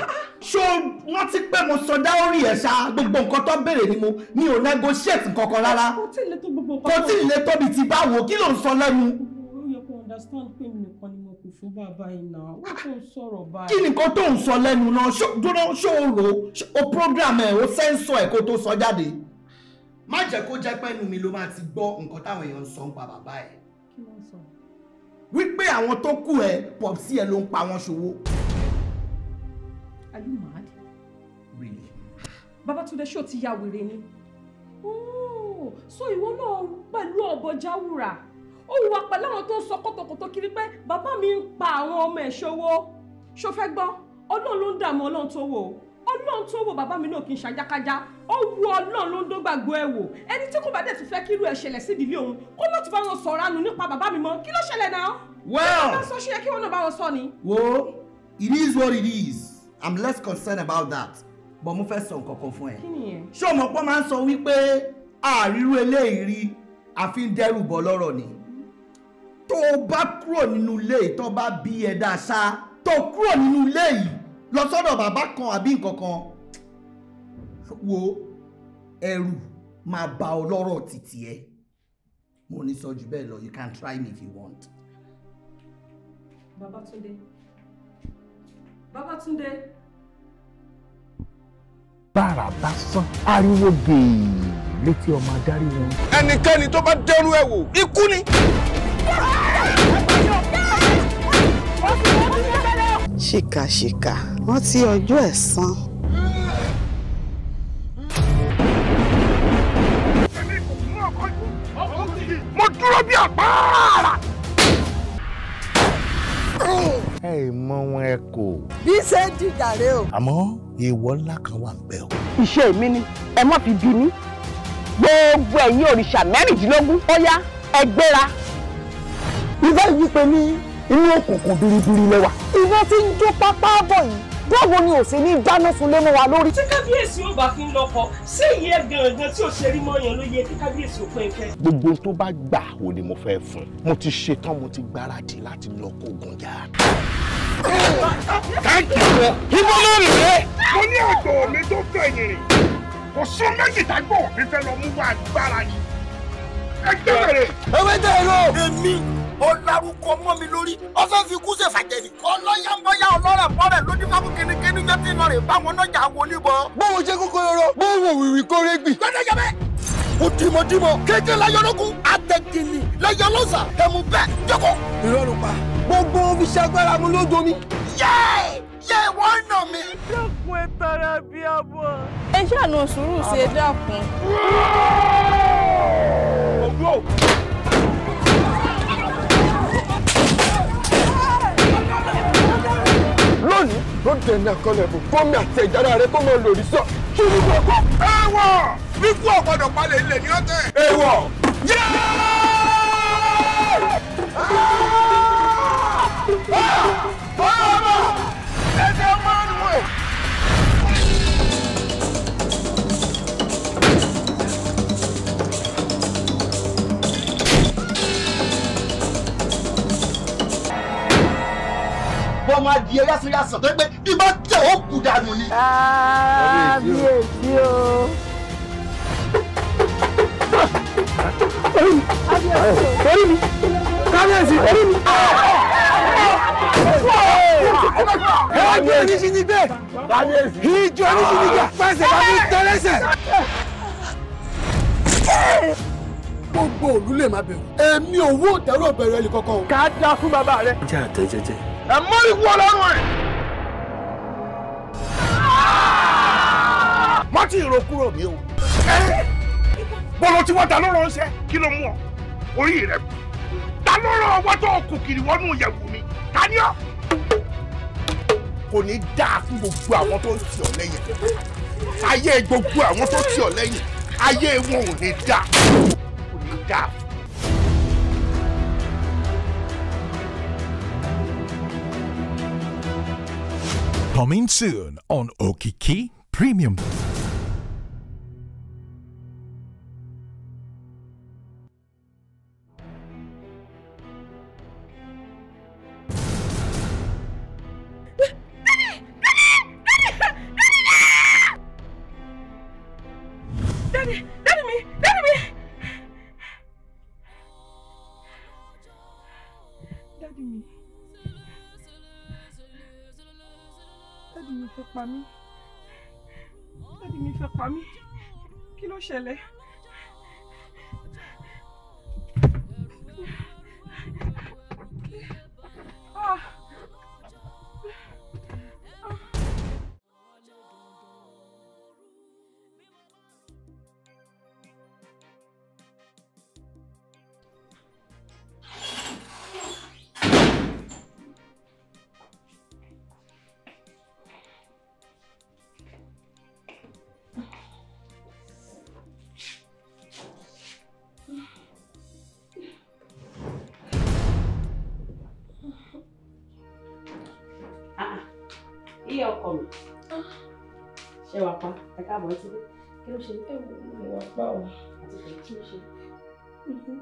so wọ́n ti pẹ́ mo sọ dáórì ẹ̀ ṣá gbogbo nǹkan tó béèrè ni mo mi ò negotiate kankan rárá kò tí ì lè tó gbogbo pàtó kò tí ì lè tóbi ti báwo kí ló ń sọ understand pé mi nìkan ni mo kò fún bàbá yìí náà ó tó ń sọ̀rọ̀ báyìí. kí nìkan tó ń sọ lẹ́nu náà dúró ṣó o rò ó program ẹ̀ ó sẹ́ńsọ̀ ẹ̀ kó tó sọ jáde má jẹ́ kó jẹ́ pé ẹnu mi ló máa ti gbọ́ nǹkan táwọn èèyàn ń sọ nípa bàbá ẹ̀. kí ló ń sọ. wípé àwọn tó kù ẹ pọ̀psí ẹ ló ń pa wọn ṣòwò. are you mad. really. babatunde ṣó ti ya wèrè ni. ooo oh, so ìwọ náà pẹ̀lú ọ̀bọ jáwùrà ó wà pẹ̀lú àwọn tó ń sọ kótókótó kiri pé bàbá mi ń pa àwọn ọmọ ẹ̀ ṣòwò ṣó fẹ́ gbọ́ ọlọ́run ló ń dààmú ọlọ́run tó wò ó ọlọ́run tó wò bàbá mi náà kì í ṣàjákájá ó wu ọlọ́run ló ń dógbàgbọ́ ẹ wò ẹni tí kò bá dẹ̀ tún fẹ́ kí irú ẹ̀ ṣẹlẹ̀ sí ìdílé òun kó má tún bá wọn sọ̀rọ̀ àánú nípa bàbá mi mọ́ kí ló ṣẹlẹ̀ náà. well kí wọ́n sọ ṣe kí wọ́n náà bá wọn sọ ni. wo it is what it is i'm less concerned about that but mo fẹ́ sọ nǹkan kan fún ẹ. ṣé o mọ̀ pé máa ń sọ wípé àrírú eléyìí àfi ń dẹ́rù bọ́ lọ́rọ̀ ni tó o bá kúrò nínú ilé tó lọ sọ́dọ̀ bàbá kan àbí nǹkan kan wo ẹrù máa ba ọlọ́rọ̀ títí ẹ mo ní sọ jù bẹ́ẹ̀ lọ you can try me if you want. Babatunde Babatunde. bára bá sán ariwo gèè létí ọmọ adarí wọn. ẹnikẹ́ni tó bá dẹ́rù ẹ̀ wò ikú ni. wọ́n ti ṣìkàṣìkà rántí ọjọ́ ẹ̀san. mo dúró bí àpáàrà. ẹ mọ wọn ẹ kò. bí ṣe ń dìjà rẹ o. àmọ́ èèwọ̀ ńlá kan wà bẹ́ẹ̀ o. iṣẹ́ mi ni ẹ má fi bí mi gbogbo ẹ̀yin òrìṣà mẹ́rìndínlógún ó yá ẹ gbéra. yìí pé ní inú òkùnkùn biribiri lẹ́wà. ìwọ tí ń jó pápá bọ̀ yìí báwo ni ò sí ní dáná sunlé mọ́ wa lórí. tí kábíyèsí ò bá fi ń lọkọ ṣé ìyẹn gangan tí ò ṣe rí mọ́yàn ló yẹ kí kábíyèsí ò pẹ́ fẹ́. gbogbo tó bá gbà wo ni mo fẹ́ fún un mo ti ṣetán mo ti gbáradì láti lọ kó ogun káńtì rẹ ibo ló rè é. mo ní ọ̀dọ̀ mi tó fẹ̀yìn rìn kò sún méjì tágbọ̀ mi fẹ́ lọ mú wa agbára yìí. ẹ gbẹ́rẹ̀. ẹ tẹ̀ ẹ lọ. èmi ó lárúkọ mọ́ mi lórí ó fẹ́ fi kú ṣèfàjẹ́ ni. ọlọ́yà ń bọ́yá ọlọ́rẹ̀ mọ́rẹ̀ lójú fábù kínníkínní jẹ́ tí ń rìn báwọn nájà wo níbọ̀. bówó jẹ́ kókóró bówó wìwì kórè gbì. gbọ́dọ̀ yẹ bẹ́ẹ̀. mo dìmọ̀ dìmọ̀ kéde layọ̀lógún àtẹ̀kìnì layọ̀lọ́sà ẹ̀mú bẹ́ẹ̀ jókòó. ìrọ̀rùn pa gbogbo fi ṣagbára mu lójó mi. yẹ́ẹ̀ ṣé wọ́n nà mí. dákun ẹ tara bí a bọ̀. ẹ ṣàánú sùúrù ṣe dákun. lónìí ló dẹni àkọlẹ̀bù kọ́mi àtẹ̀jára rẹ kó mọ lórí sọ kí ni mo kọ́. ẹ̀wọ̀ wíkú ọ̀gbọ́dọ̀ palẹ̀ ilẹ̀ ní ọ̀tẹ̀. ẹ̀wọ̀ yẹ́ àbọ̀ máa di erásírásán tó pé bí bá tẹ̀ ó kù dànù ni. kábíyèsí o. orí mi kábíyèsí orí mi. Ìjọ oníṣìnígbé! Ìjọ oníṣìnígbé! Pẹ̀sẹ̀ bá mi gbogbo òlú lè máa bẹ̀rù. èmi ò wó òtẹ́rù ọ̀bẹ̀rù ẹnì kankan ká dáa fún bàbá rẹ. jẹ́ àtẹ̀jẹ́jẹ́ ẹ mórí kú ọlọ́run ẹ̀. má ti rò kúrò mi o. bọ́lọ̀ tí wọ́n ta ló rán ṣẹ́ kí ló mú ọ orí rẹ ta ló rán ọwọ́ tó kù kiri wọnú ìyẹ̀wù mi ta ni ọ́. kò ní dáa fún gbogbo àwọn tó ń tì ọ́ lẹ́yìn ayé gbogbo àwọn tó tì ọ́ lẹ́yìn ayé wọn ò ní dáa kò ní dáa Coming soon on Okiki Premium. Scheller.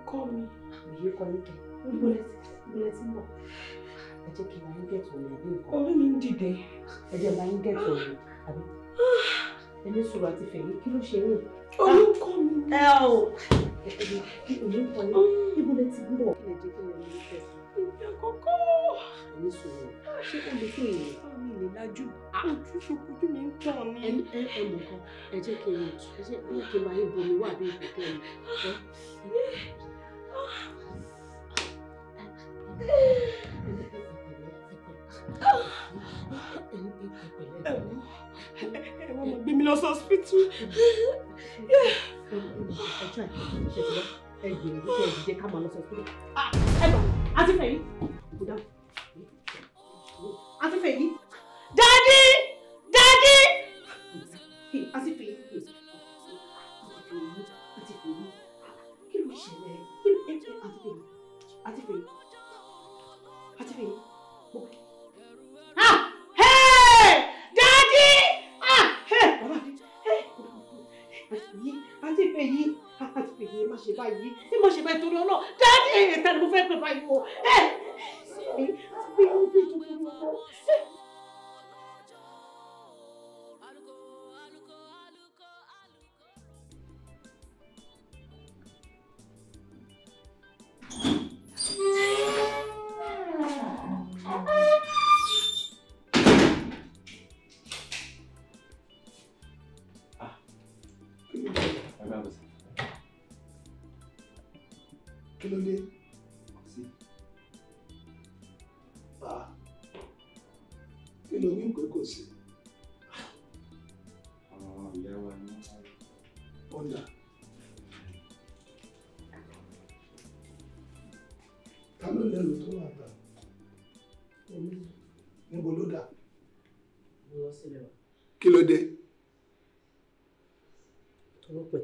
kọ́ mi òye kọ́ yín kẹ́ gbọ́lẹ̀ tí ń bọ̀ ẹ jẹ́ kí n máa ń gẹ̀tù ọ̀nà àbí nǹkan. orí mi ń dìde. ẹ jẹ́ máa ń gẹ̀tù ọ̀nà àbí. ẹni sọ̀rọ̀ àti fẹ̀yìn kí ló ṣe yín. olùkọ́ mi. ẹ ò. òye kọ́ yín gbọ́lẹ̀ mm. tí ń bọ̀. ẹ jẹ́ kí n máa ń gẹ̀tù ìgbà àkọ́kọ́. ẹni sọ̀rọ̀ ṣé o lè fún èèyàn. mi lè wà bí ìbùkún mi ẹ wọ́n mọ̀ gbé mi lọ sí hospital. ẹ gbèrò wípé ẹ jẹ ká máa lọ sí hospital. ẹ bọ̀ àti fẹ̀yí. àti fẹ̀yí. dadi dadi àti fẹ̀yí. Fèyí àti Fèyí ẹ má ṣe báyìí ẹ má ṣe báyìí torí ọlọ́ dáadé ẹ̀ẹ́ta ni mo fẹ́ báyìí o ẹ Fèyí Fèyí tó tó lọ́wọ́ ẹ.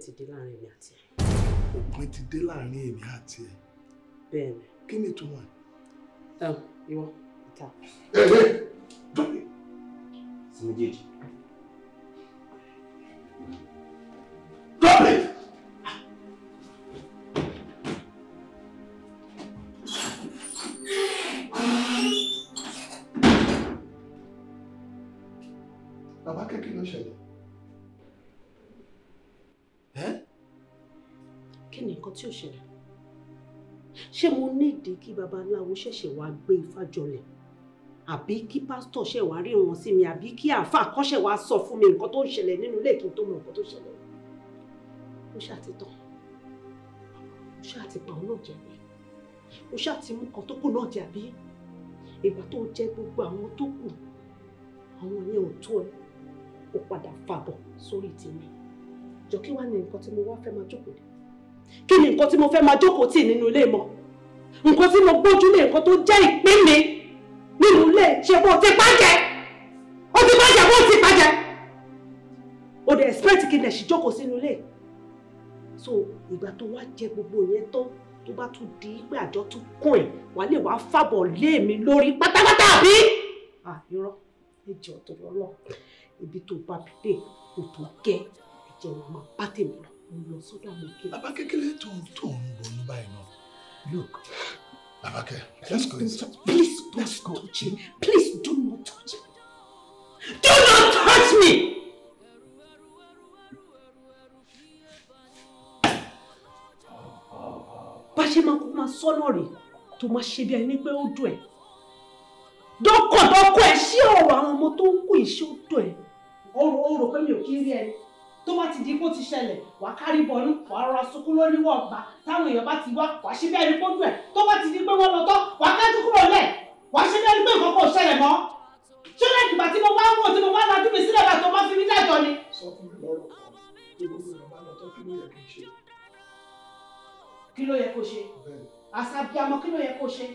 ti dé láàrin èmi àti ẹ. òpin ti dé láàrin èmi àti ẹ. bẹ́ẹ̀ni. kí ni ìtumọ̀ ẹ. ìwọ ìta. ẹ ẹ dọ́ni. sí méjèèjì. nǹkan tí ò ṣẹlẹ̀ ṣé mo nídìí kí babaláwo ṣẹ̀ṣẹ̀ wá gbé ifá jọlẹ̀ àbí kí pásítọ̀ ṣẹ̀ wá rí wọn sí mi àbí kí àáfàá kọ́ṣẹ̀ wá sọ fún mi nǹkan tó ń ṣẹlẹ̀ nínú ilé kí n tó mọ nǹkan tó ṣẹlẹ̀ mo ṣàtìtàn mo ṣàtìpà òun náà jẹ̀bi mo ṣàtìmú kan tó kù náà jẹ̀bi ìgbà tó jẹ gbogbo àwọn tó kù àwọn yẹn ò tó ẹ ó padà fàbọ̀ sórí tèmi jọ kí wàá ní nǹkan tí mo wá fẹ́ máa jókòó dé kí ni nǹkan tí mo fẹ́ máa jókòó tì nínú ilé mọ́ nǹkan tí mo gbójú lé nǹkan tó jẹ́ ìpín mi nínú ilé ṣe bó ti bàjẹ́ ó ti bàjẹ́ bó ti bàjẹ́ ó dẹ̀ expect kí nẹ̀ ṣì jókòó sínú ilé so ìgbà tó wá jẹ gbogbo yẹn tán tó bá tún di pé àjọ tún kún ẹ̀ wà lè wá fàbọ̀ lé mi lórí pátápátá àbí. irọ́ ẹjẹ ọ̀tọ̀ lọ́lọ́ ibi tó bá mi dé kò tó gẹ́ ẹ̀jẹ̀ wọn máa bá tèmi lọ mo lọ sọ́dọ̀ àwọn kékeré. bàbá kékeré tó ń tó ń ronú báyìí náà look Abake let's go inside. please don't touch me. please do not touch me. do not touch me. bá máa kó máa sọ́nà rẹ̀ tó máa ṣe bí ẹni pé ó dùn ẹ̀ dọ́kọ̀dọ́kọ̀ ẹ̀ ṣí ọ̀rọ̀ àwọn ọmọ tó ń kú ìṣó dùn ẹ̀ ọ̀rọ̀ ọ̀rọ̀ pé mi ò kí rí ẹ tó bá ti di kó ti ṣẹlẹ̀ wàá kárí bọnú wàá rọra sunkún lórí wọ̀gbà táwọn èèyàn bá ti wá wàá ṣe bẹ́ẹ̀ ni kójú ẹ̀ tó bá ti di pé wọ́n lọ tọ́ wàá kájú kúrò lẹ̀ wàá ṣe bẹ́ẹ̀ ni pé nǹkan kò ṣẹlẹ̀ mọ́ ṣé lẹ́yìn ìgbà tí mo bá wò tí mo bá lajú mi sílẹ̀ bàtọ́ máa fi mí dájọ́ ni. sọ fún mi lọ́rọ̀ kan gbogbo ìrọ̀ bá lọ tọ́ kí ló yẹ kí n ṣe. kí ló yẹ kó ṣe àṣà bíi àmọ́ kí ló yẹ kó ṣe.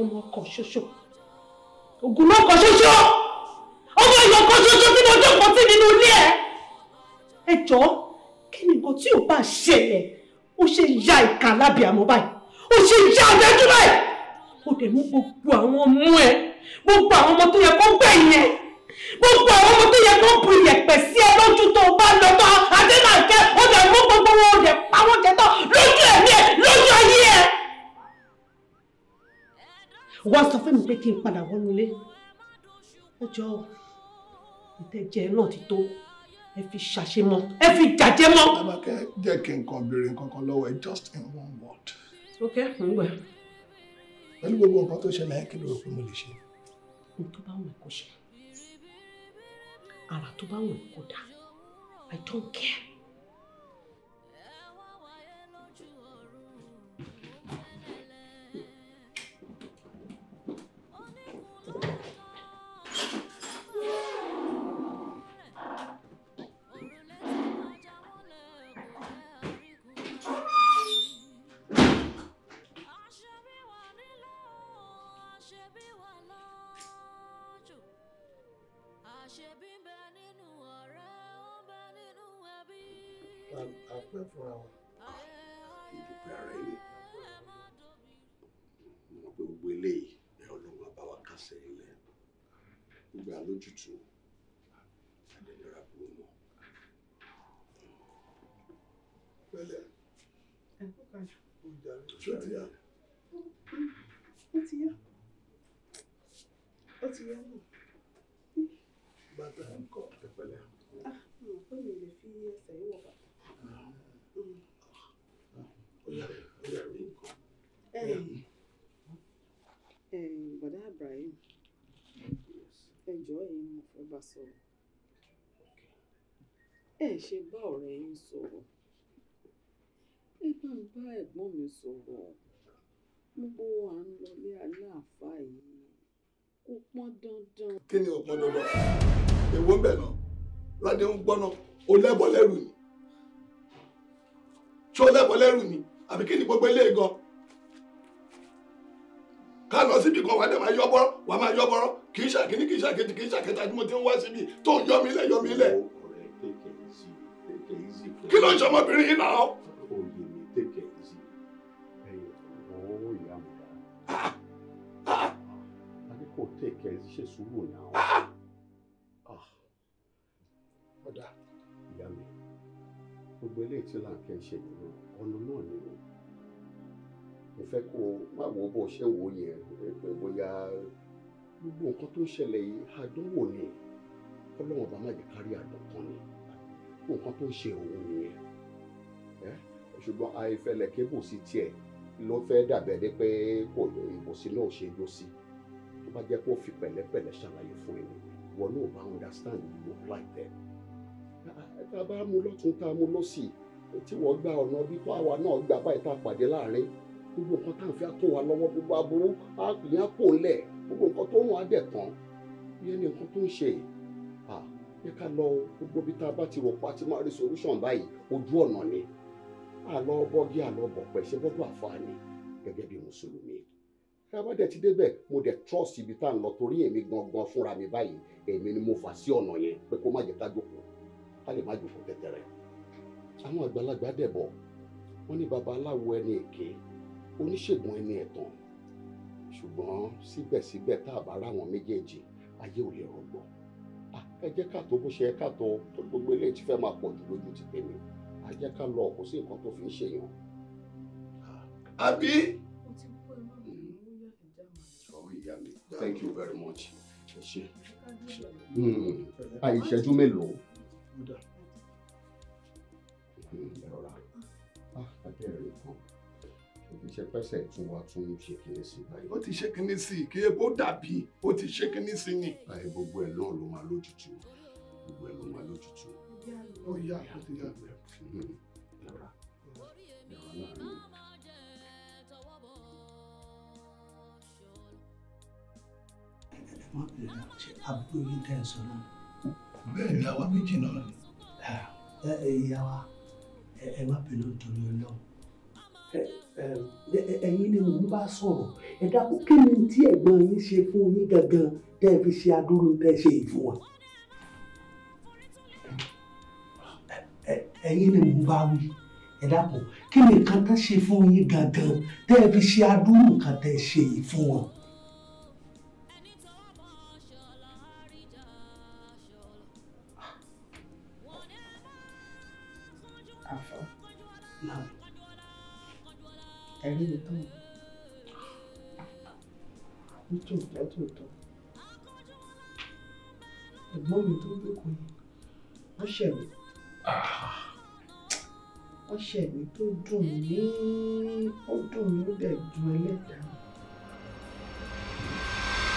ọmọ ọkọ ṣoṣo ọmọ ìyọkọ ṣoṣo jókòó tí nínú ilé ẹ. ẹ jọ kí ni nǹkan tí ò bá ṣẹlẹ̀ ó ṣe ya ìka lábẹ́ àmọ́ báyìí ó ṣe ya àdájú báyìí ó dẹ̀ mú gbogbo àwọn ọmọ ẹ gbogbo àwọn ọmọ tó yẹ kó gbẹ̀yìn ẹ gbogbo àwọn ọmọ tó yẹ kó bu ìyẹ̀pẹ̀ sí ẹ lójú tó bá lọ tán adéláńkẹ́ ó dẹ̀ mú gbogbo wọn ó dẹ̀ pa wọn jẹ tán lójú ẹ̀mí ẹ lójú ayé ẹ. wọ́n sọ fún mi pé kí n padà wọnú ilé ó jọ ìtẹ́jẹ́ náà ti tó ẹ fi ṣàṣe mọ́ ẹ fi jàjẹ́ mọ́. alákẹ́ jẹ́ kí n kàn béèrè nǹkan lọ́wọ́ just in one word. ok ń gbà. pẹ̀lú gbogbo nǹkan tó ṣẹlẹ̀ kí ló rò pé mo lè ṣe. ohun tó bá wù kó ṣe àrà tó bá wù kó dà i don't care. kásẹ̀ ilẹ̀ gbogbo àlójútu àdéhùrà burú mọ́. pẹ̀lẹ́ ó darí ṣó ti yá. ẹ̀ ṣe bá ọ̀rẹ́ yín sọ̀rọ̀ ẹ bá ń bá ẹ̀gbọ́n mi sọ̀rọ̀ gbogbo à ń lọlé aláàfáà yìí kò pọn dandan. kí ni ọ̀pọ̀ dandan èwo ń bẹ̀ náà ládé ń gbọ́ná o lẹ́bọ̀ lẹ́rù ni ṣé o lẹ́bọ̀ lẹ́rù ni àbí kí ni gbogbo ilé gan ká lọ síbi kan wàá dẹ̀ máa yọ́ bọ́rọ́ wàá máa yọ́ bọ́rọ́ kì í ṣàkíní kì í ṣàkejì kì í ṣàkẹta tí mo ti ń wá síbi tó ń yọ́ mi lẹ̀ yọ́ mi lẹ̀ kí ló ń ṣe ọmọbìnrin yìí náà. oyè mi tètè sí ẹyẹ owó ìyá mi dá. adé kò tètè ṣe sùúrù náà. Ah. ọ̀dà ìyá mi gbogbo eléyìí tí láǹkẹ́ ń ṣe nínú ọ̀nà náà nínú mo fẹ́ kó o má wo bó o ṣe ń wo yẹn pé bóyá gbogbo nǹkan tó ń ṣẹlẹ̀ yìí àdánwò ni ọlọ́wọ́n bá má jẹ́ kárí àdán kan ni nǹkan tó ṣe òun nìyẹn ṣùgbọ́n àìfẹlẹ̀ kébù sí tiẹ̀ ló fẹ́ dàbẹ̀ ni pé kò ìbòsí náà ṣe ló sí tó bá jẹ́ kó fi pẹ̀lẹ́pẹ̀lẹ́ ṣàlàyé fún ẹni wọn náà bá understand look like them. tá a bá mú lọ́tún tá a mú lọ́sì tí wọ́n gba ọ̀nà bí tó àwa náà gbà báyìí tá a pàdé láàrin gbogbo nǹkan tá à ń fi àtò wa lọ́wọ́ gbogbo aburú á yàn kó lẹ̀ gbogbo nǹkan tó ń wá dẹ̀ tán ìyẹn ni nǹkan tó ń ṣe yìí pé ká lọ gbogbo bí tá a bá ti rò pa ti máa rí solution báyìí ojú ọ̀nà ni àlọ́ bọ́gí àlọ́ bọ̀pẹ̀ ṣe gbọ́dọ̀ àfààní gẹ́gẹ́ bí mùsùlùmí ẹ bá dẹ̀ ti débẹ̀ mo dẹ̀ trust ibi tá à ń lọ torí èmi gangan fúnra mi báyìí èmi ni mo fà sí ọ̀nà yẹn pé kó má jẹ́ ká jókòó ká lè má jókòó tẹ̀tẹ̀rẹ̀ àwọn àgbàlagbà dẹ̀ bọ̀ wọ́n ní baba aláwo ẹni èké oníṣègùn ẹni ẹ̀tàn ṣùgbọ́n síbẹ̀síbẹ̀ tá a bá ráwọn méjèèjì ayé ò lè rọgbọ́n ẹ jẹ́ ká tó bó ṣe ẹ ká tó tó gbogbo eléyìí ti fẹ́ máa pọ̀ jù lójú ti tèmi a jẹ́ ká lọ kò sí nǹkan tó fi ń ṣèyàn. àbí. Hmm. thank you very much ẹ ṣe. Hmm. àìṣẹ́jú mélòó. Hmm. ṣe pẹ́sẹ̀ tún wá tún ṣe kíní sí báyìí. ó ti ṣe kíní sí kí epo dàbí ó ti ṣe kíní sí ni. báyìí gbogbo ẹ̀ lóhùn ló máa lójútu gbogbo ẹ̀ ló máa lójútu. ó yá ó ti yá bẹ̀rẹ̀ yàrá yàrá láàrin. wọn lè lọ ṣe àbúrò yín tẹ̀ sọ náà. bẹ́ẹ̀ ni àwa méjì náà ah, ẹ ẹ ìyá wa ẹ má bínú torí Ọlọ́run ẹ̀yin ni mò ń bá sọ̀rọ̀ ẹ dákun kí ni tí ẹ̀gbọ́n yín ṣe fún yín gangan tẹ́ ẹ fi ṣe adúrú tẹ́ ẹ ṣe yìí fún wọn. ẹ̀yin ni mò ń bá wí ẹ dákun kí ni nǹkan tẹ́ ṣe fún yín gangan tẹ́ fi ṣe adúrú nǹkan tẹ́ ṣe yìí fún ṣẹ̀ ah. wọ́n ṣẹ̀ tó dùn mí ó dùn mí ó dùn ẹlẹ́dàá.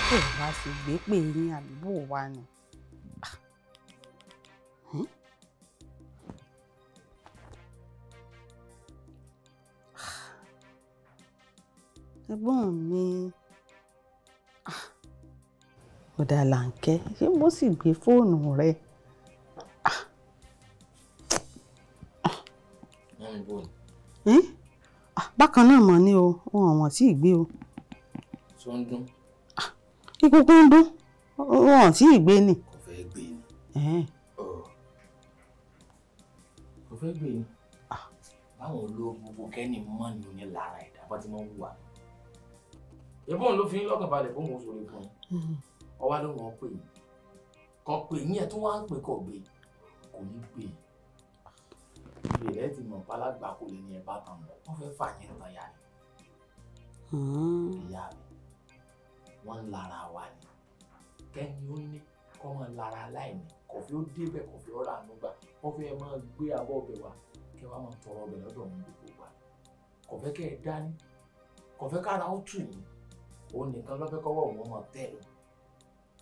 kò wá sí gbé pè ní àdúgbò wa ni. ẹ̀gbọ́n mi ah. ọ̀dà làǹkẹ́ ṣé mo sì gbé fóònù rẹ̀. Hmm? Ah, bákan náà mọ̀ ni o wọn ò wọ́n tí ì o. tó ń dún. ìkókó ah, ń dún wọn ò tí ì ni. kò fẹ́ gbé ni. kò fẹ́ gbé ni. Ah. báwọn olóògùn gbogbo kẹ́ni mọ́ ni ní lára ẹ̀dá bá ti máa ń wà. ìbọn ló fi ń lọ́kàn balẹ̀ fún òun sórí fún un. Hmm. ọwá ló wọ́n pè yín kọ́ pè yín ẹ̀ tó wá ń pè kọ́ gbé kò ní gbé yín ilé rẹ ti mọ̀ pálágbá kò lè ní ẹ bá tán mọ̀ wọ́n fẹ́ fà yín tán yá ni. ìyá mi hmm. wọ́n ń lara wa ni kẹ́ni ó ní kọ́ máa lara láìní kọ̀fí ó débẹ̀ kọ̀fí ó rà nígbà wọ́n fẹ́ máa gbé abọ́ ọbẹ̀ wa kẹ́ wàá máa tọrọ ọbẹ̀ lọ́dọ̀ ọ̀hún gbogbo wa kọ̀fẹ́ kẹ́ ẹ dání kọ̀fẹ́ kára ó tù yín òun nìkan lọ́fẹ́ kọ́wọ́ òun máa tẹ̀ lọ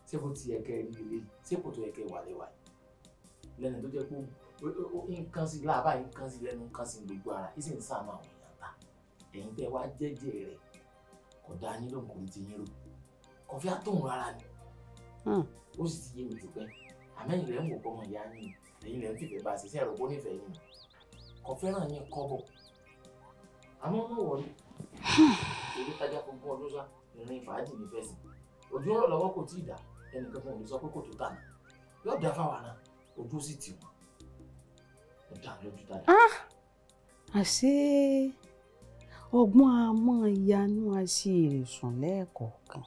ṣé tiẹ̀ kẹ́ ẹ rí ilé tó yẹ kẹ́ ẹ wà lẹ́wà lẹ́nu tó jẹ́ pé nǹkan sí láàbá nǹkan sí lẹ́nu nǹkan sí gbogbo ara yìí sì ń sàánú àwọn èèyàn ta ẹ̀yin tẹ́ wá jẹ́jẹ́ rẹ̀ kò dá yín lóhùn kò ní ti yín rò kọfí àtòhùn rárá ni hmm. ó sì ti yé mi tó pẹ́ àmẹ́yìn rẹ̀ ń wò pọ́mọ ìyá yín ẹ̀yin rẹ̀ fìfẹ́ bá a ṣiṣẹ́ rẹ̀ bó nífẹ̀ẹ́ yín kò fẹ́ràn yín kọ́bọ̀ àmọ́ mọ̀ wọ̀lú hmm. èyí tájà gbogbo ọdún sá ìrìn fàájì ní fẹ́ sí ojú ọ̀rọ̀ lọ́wọ́ kò tí ì dá ẹnìkan fún òun sọ pé kò tó tà ní yóò dá fáwọn àná ojú sì tì wọ́n Ah, dá lójú dáadáa. àṣé ọgbọ́n a máa yanú àṣì èrè sùn lẹ́ẹ̀kọ̀ọ̀kan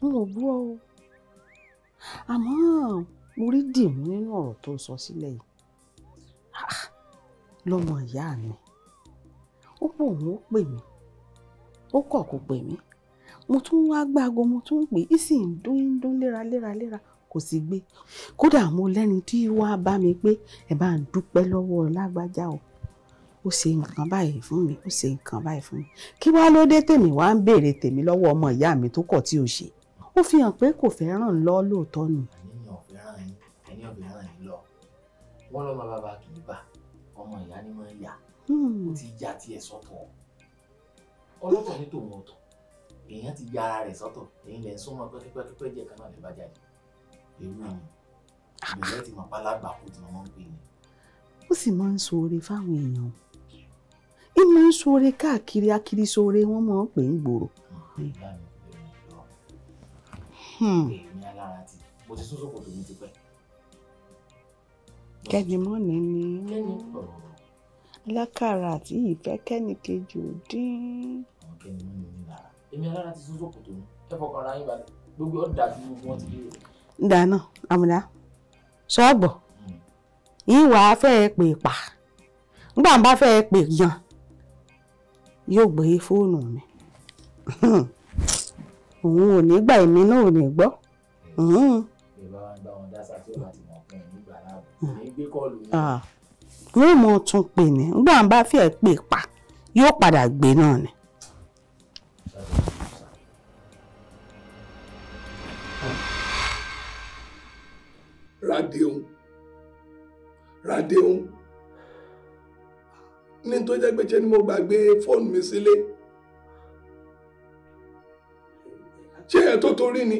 n ò gbọ́ o àmọ́ mo rí dìmú nínú ọ̀rọ̀ tó sọ sílẹ̀ yìí ah, lọ́mọ ìyá mi ó bò wọ́n pè mí ó kọ̀ kó pè mí mo tún wá gbáago mo tún pè é sì ń dún ń dún léraléraléra kò sí gbé kódà mo lẹ́ni tí wàá bá mi pé ẹ bá ń dúpẹ́ lọ́wọ́ lágbájá o ó ṣe nǹkan báyìí fún mi ó ṣe nǹkan báyìí fún mi kí wàá ló dé tèmi wàá ń béèrè tèmi lọ́wọ́ ọmọ ìyá mi tó kọ̀ tí ò ṣe ó fi hàn pé kò fẹ́ràn lọ lóòótọ́ ni. àníyàn fẹ́ràn yín lọ wọ́n lọ́mọ bàbá kì í bà ọmọ ìyá ni wọ́n yà hmm. ó ti ya tiẹ̀ sọ́tọ̀ ọlọ́tọ̀ ní tòun ọ̀tọ̀ èèyàn ti ya ara rẹ̀ sọ́tọ̀ èyí lẹ́ ń súnmọ́ pẹ́kípẹ́kípẹ́ jẹ́ kan náà lè bá jáde irú ni ìbẹ̀rẹ̀ ti mọ̀ pálábà kó tí wọ́n ń pè ní. ó sì máa ń ṣoore fáwọn èèyàn ó máa ń ṣoore káàkiri akiri ṣoore wọ́n máa ń pè ń gbòòrò. Hmm. kẹ́ni mọ́ ni lákàrà àti ìfẹ́ kẹ́ni kejì ò dín. èmi alára ti sún sókòtò mi ẹ fọkàn ara yín balẹ̀ gbogbo ọ̀dà tí gbogbo wọn ti lé dáná àmàlà ṣọ́ọ̀gbọ̀ ìwà fẹ́ẹ́ pè pa nígbà bá fẹ́ẹ́ pè yan yóò gbé fóònù mi òun ò ní gbà èmi náà ò ní gbọ́. wọ́n ah. mọ̀ tún pè ní nígbà bá fẹ́ẹ́ pè pa yóò padà gbé náà ni. Radeon Radeon ní tó jẹ́ pé ni mo gbàgbé fóònù mi sílé ṣé ẹ tó torí ni.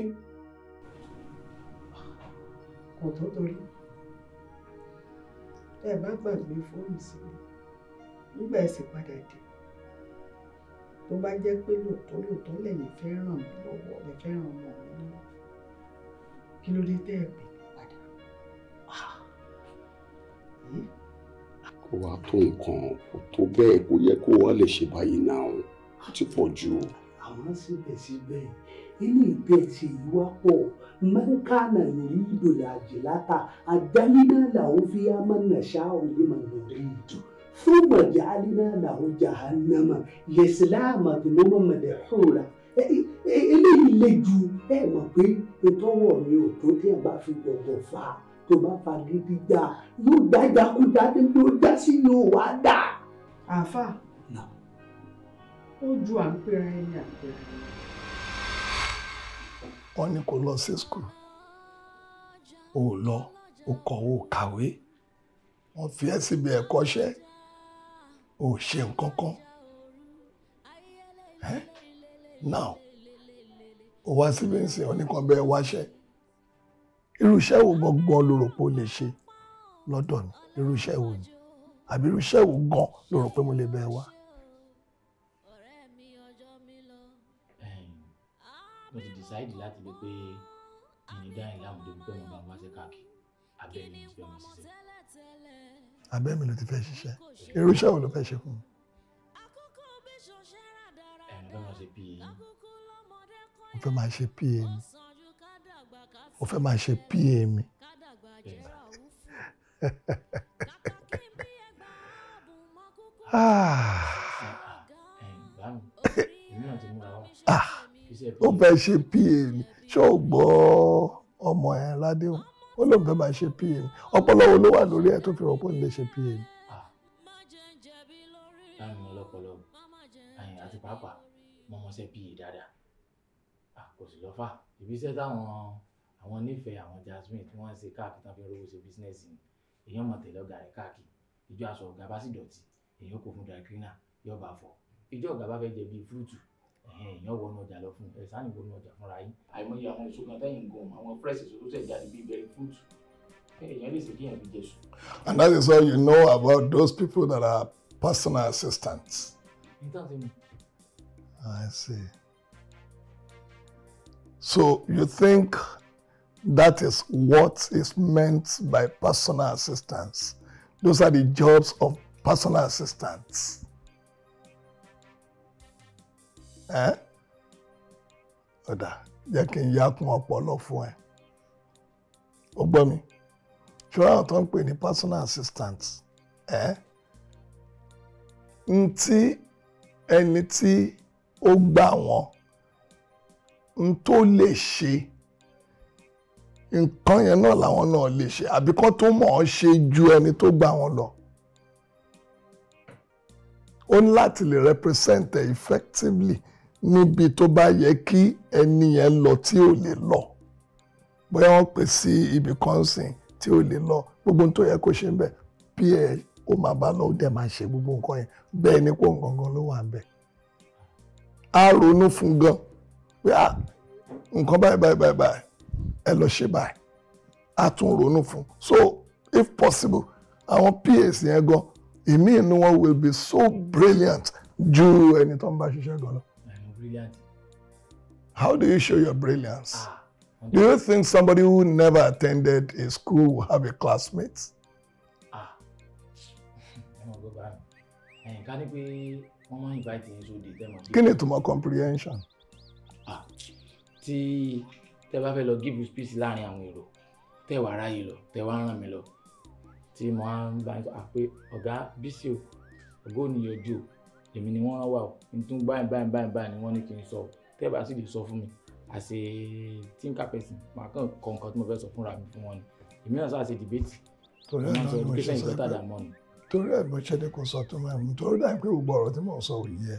kò tó torí ẹ bá gbàgbé fóònù sílé nígbà ẹ sì padà dé tó bá jẹ́ pé lóòótọ́ lóòótọ́ lẹ́yìn fẹ́ ràn lọ́wọ́ ẹ ọmọ mi lọ́wọ́ kí ló dé tẹ́ ẹ pé. kó wá tó nǹkan kò tó bẹ́ẹ̀ kó yẹ kó wá lè ṣe báyìí náà ó ti pọ̀ jù. àmọ́ síbẹ̀síbẹ̀ inú ìgbẹ́ ti ìwá pọ̀ mẹ́ńkánà lórí ìdòlà àjìláta àdáyínà làwọn fi amánà ṣáà òní màmá rí ìdù. ثم جعلنا له جهنم يسلام ذنوبا مدحورا eléyìí le ju ẹ mọ̀ pé ìtọ́wọ̀ mi ò tó tí a bá fi gbọ̀gbọ̀ fà tó bá fagídí gbà yóò gba ìgbàkúgbà débi ó já sí yóò wá dà. àáfà ó ju àpẹẹrẹ ẹni àpẹẹrẹ. wọ́n ní kó lọ sí skul ó lọ ó kọ̀ ó kàwé wọ́n fi ẹ́ síbi ẹ̀kọ́ṣẹ́ ò ṣe nǹkan kan now ó wá síbi ń sìn ọ́ bẹ́ẹ̀ wáṣẹ́ irú iṣẹ́ wo gangan ló rò pé o lè ṣe lọ́dọ̀ mi irú iṣẹ́ wo ni àbí irú iṣẹ́ wo gan ló rò pé mo lè bẹ́ẹ̀ wá. Ehm, mo ti decide láti rí pé ìní dáhìn láwọn débi pé wọn bá wá sí káàkiri abẹ́ mi ti fẹ́ mi ṣiṣẹ́. abẹ́ mi ló ti fẹ́ ṣiṣẹ́ irú iṣẹ́ wo ló fẹ́ ṣe fún mi. ẹ̀rọ fẹ́ máa ṣe pa mi. mo fẹ́ máa ṣe pa mi mo fẹ́ máa ṣe pa mi ah. ó fẹ́ ṣe pa mi ṣé o gbọ́ ọmọ ẹ̀ ládéhùn ó lóun fẹ́ máa ṣe pa mi ọpọlọ wo ló wà lórí ẹ̀ tó fi rọ́pò ní lè ṣe pa mi. láàrin ah. ọlọpọlọ àti pàápàá mo mọ̀ ṣe pa dáadáa ah, kò sì lọ fà ibi táwọn àwọn nífẹ̀ẹ́ àwọn jasmine tí wọ́n ń ṣe káàkiri tán fi ń rówó ṣe bísínẹ́sì ni èèyàn mọ̀ tẹ̀lé ọ̀gá rẹ̀ káàkiri ìjọ aṣọ ọ̀gá bá sì dọ̀tí èèyàn kò fún dry cleaner yóò bá fọ ìjọ ọ̀gá bá fẹ́ jẹ bíi fúrúùtù èèyàn wọnú ọjà lọ fún ẹ̀sán ìwọ ní ọjà fúnra yín. àìmọye àwọn èso kan tẹ́yìn gan àwọn fresh tó ṣẹ̀ bíi berry fruit èèyàn lè ṣe kí fi jẹ sùn. and that is all you know about those people that are personal assistants. I see. So you think That is what is meant by personal assistants. Those are the jobs of personal assistants. Eh? Oda. jẹ́ kí n yákun ọpọlọ fún ẹ. Ó gbọ́ mi. Ṣọ́ra àwọn tó ń pè personal assistants. Eh? Nti, tí ẹni tí ó n tó lè ṣe nǹkan yẹn náà làwọn náà lè ṣe àbí kán tó mọ̀ ọ́n ṣe ju ẹni tó gbà wọ́n lọ. ó ní láti lè represent ẹ effectively níbi tó bá yẹ kí ẹni yẹn lọ tí ò lè lọ bóyá wọ́n pè sí ibì kan sìn tí ò lè lọ gbogbo tó yẹ kó ṣe ń bẹ̀ bí ẹ ó máa bá lọ dẹ̀ máa ṣe gbogbo nǹkan yẹn bẹ́ẹ̀ ni kó gangan ló wà bẹ́ẹ̀. a ronú fún gan pé ah, nǹkan báyìí báyìí báyìí ẹ lọ ṣe báyìí a tún ronú fún so if possible àwọn PAs yẹn gan èmi inú wọn will be so brilliant ju ẹni tó ń bá ṣiṣẹ́ gan lọ. How do you show your brilliance? Ah, do you think somebody who never attended a school will have a classmate? Ah. ká ní pé wọ́n máa ń invite yín sóde tẹ́ mọ̀. kí ni ìtumọ̀ comprehension. Ah, tí. Ah tẹ́ bá fẹ́ lọ give speech láàrin àwọn èrò tẹ́ wàá ráyè lọ tẹ́ wàá ràn mí lọ tí mo á ń bá a pé ọ̀gá bísí o ọ̀gá ò o èmi ni wọ́n rán wà o n tún báyìí báyìí báyìí báyìí ni wọ́n ní kí n sọ o tẹ́ bá sì lè sọ fún mi àṣẹ thinker person màá kàn kọ nǹkan tí mo fẹ́ sọ fúnra mi fún wọn ni èmi náà sáà ṣe torí ẹ̀ náà mo kò sọ tó máa torí dáa pé gbogbo ọ̀rọ̀ tí mò ń sọ ò yẹ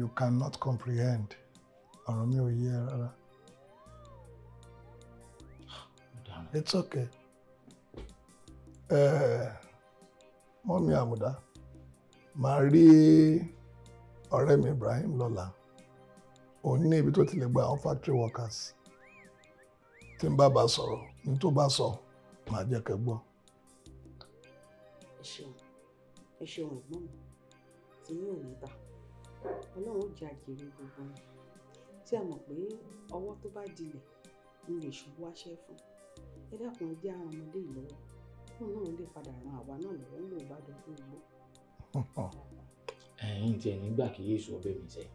you cannot comprehend ọ̀rọ̀ mi ò yẹ rárá. It's okay. Mọ́mí Àmùdá, màá rí ọ̀rẹ́ Ibrahim Lola. Òun ní ibi tó ti factory workers. Tí n bá baso, sọ̀rọ̀, ní tó bá sọ, màá jẹ́ kẹ́ gbọ́. Ẹ ṣeun, ẹ ṣeun ẹ̀gbọ́n mi, tí pé ọwọ́ tó bá dilẹ̀ ń lè ṣubú aṣẹ́ fún ẹ dákun ẹ jẹ́ àwọn ọmọdé yìí lọ́wọ́ fún náà lè padà ran àwa náà lọ́wọ́ ń lò bá dojú igbó. ẹ̀yin tiẹ̀ nígbà kí yéésù ọbẹ̀ mi sẹ́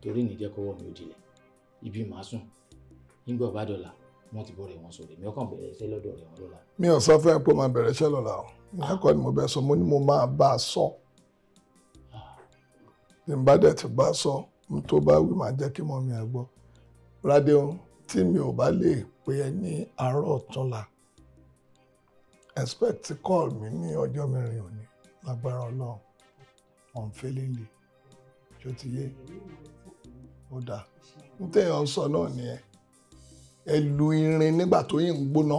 torí ní mi ò jìnlẹ̀ ibi màá sùn nígbà bá dọ̀la wọ́n ti bọ̀rẹ̀ wọn sọ̀rọ̀ èmi ọkàn bẹ̀rẹ̀ iṣẹ́ lọ́dọ̀ rẹ̀ wọn lọ́la. mi ò sọ fún ẹ pé màá bẹ̀rẹ̀ iṣẹ́ lọ́la o lákọ̀ọ́ ni mo bẹ sọ mo ní mo máa bá a sọ ah. tí n bá dẹ̀ ti bá a sọ n tó bá wí màá jẹ́ kí mọ́ mi ẹ̀ gbọ́ tí mi ò bá lè pè ẹ́ ní àárọ̀ ọ̀túnla expect call mi ní ọjọ́ mẹ́rin òní lágbára ọlọ́run unfailingly ṣó ti yé ó dáa n téèyàn sọ náà nìyẹn ẹ lu irin nígbà tó yìn ń gbóná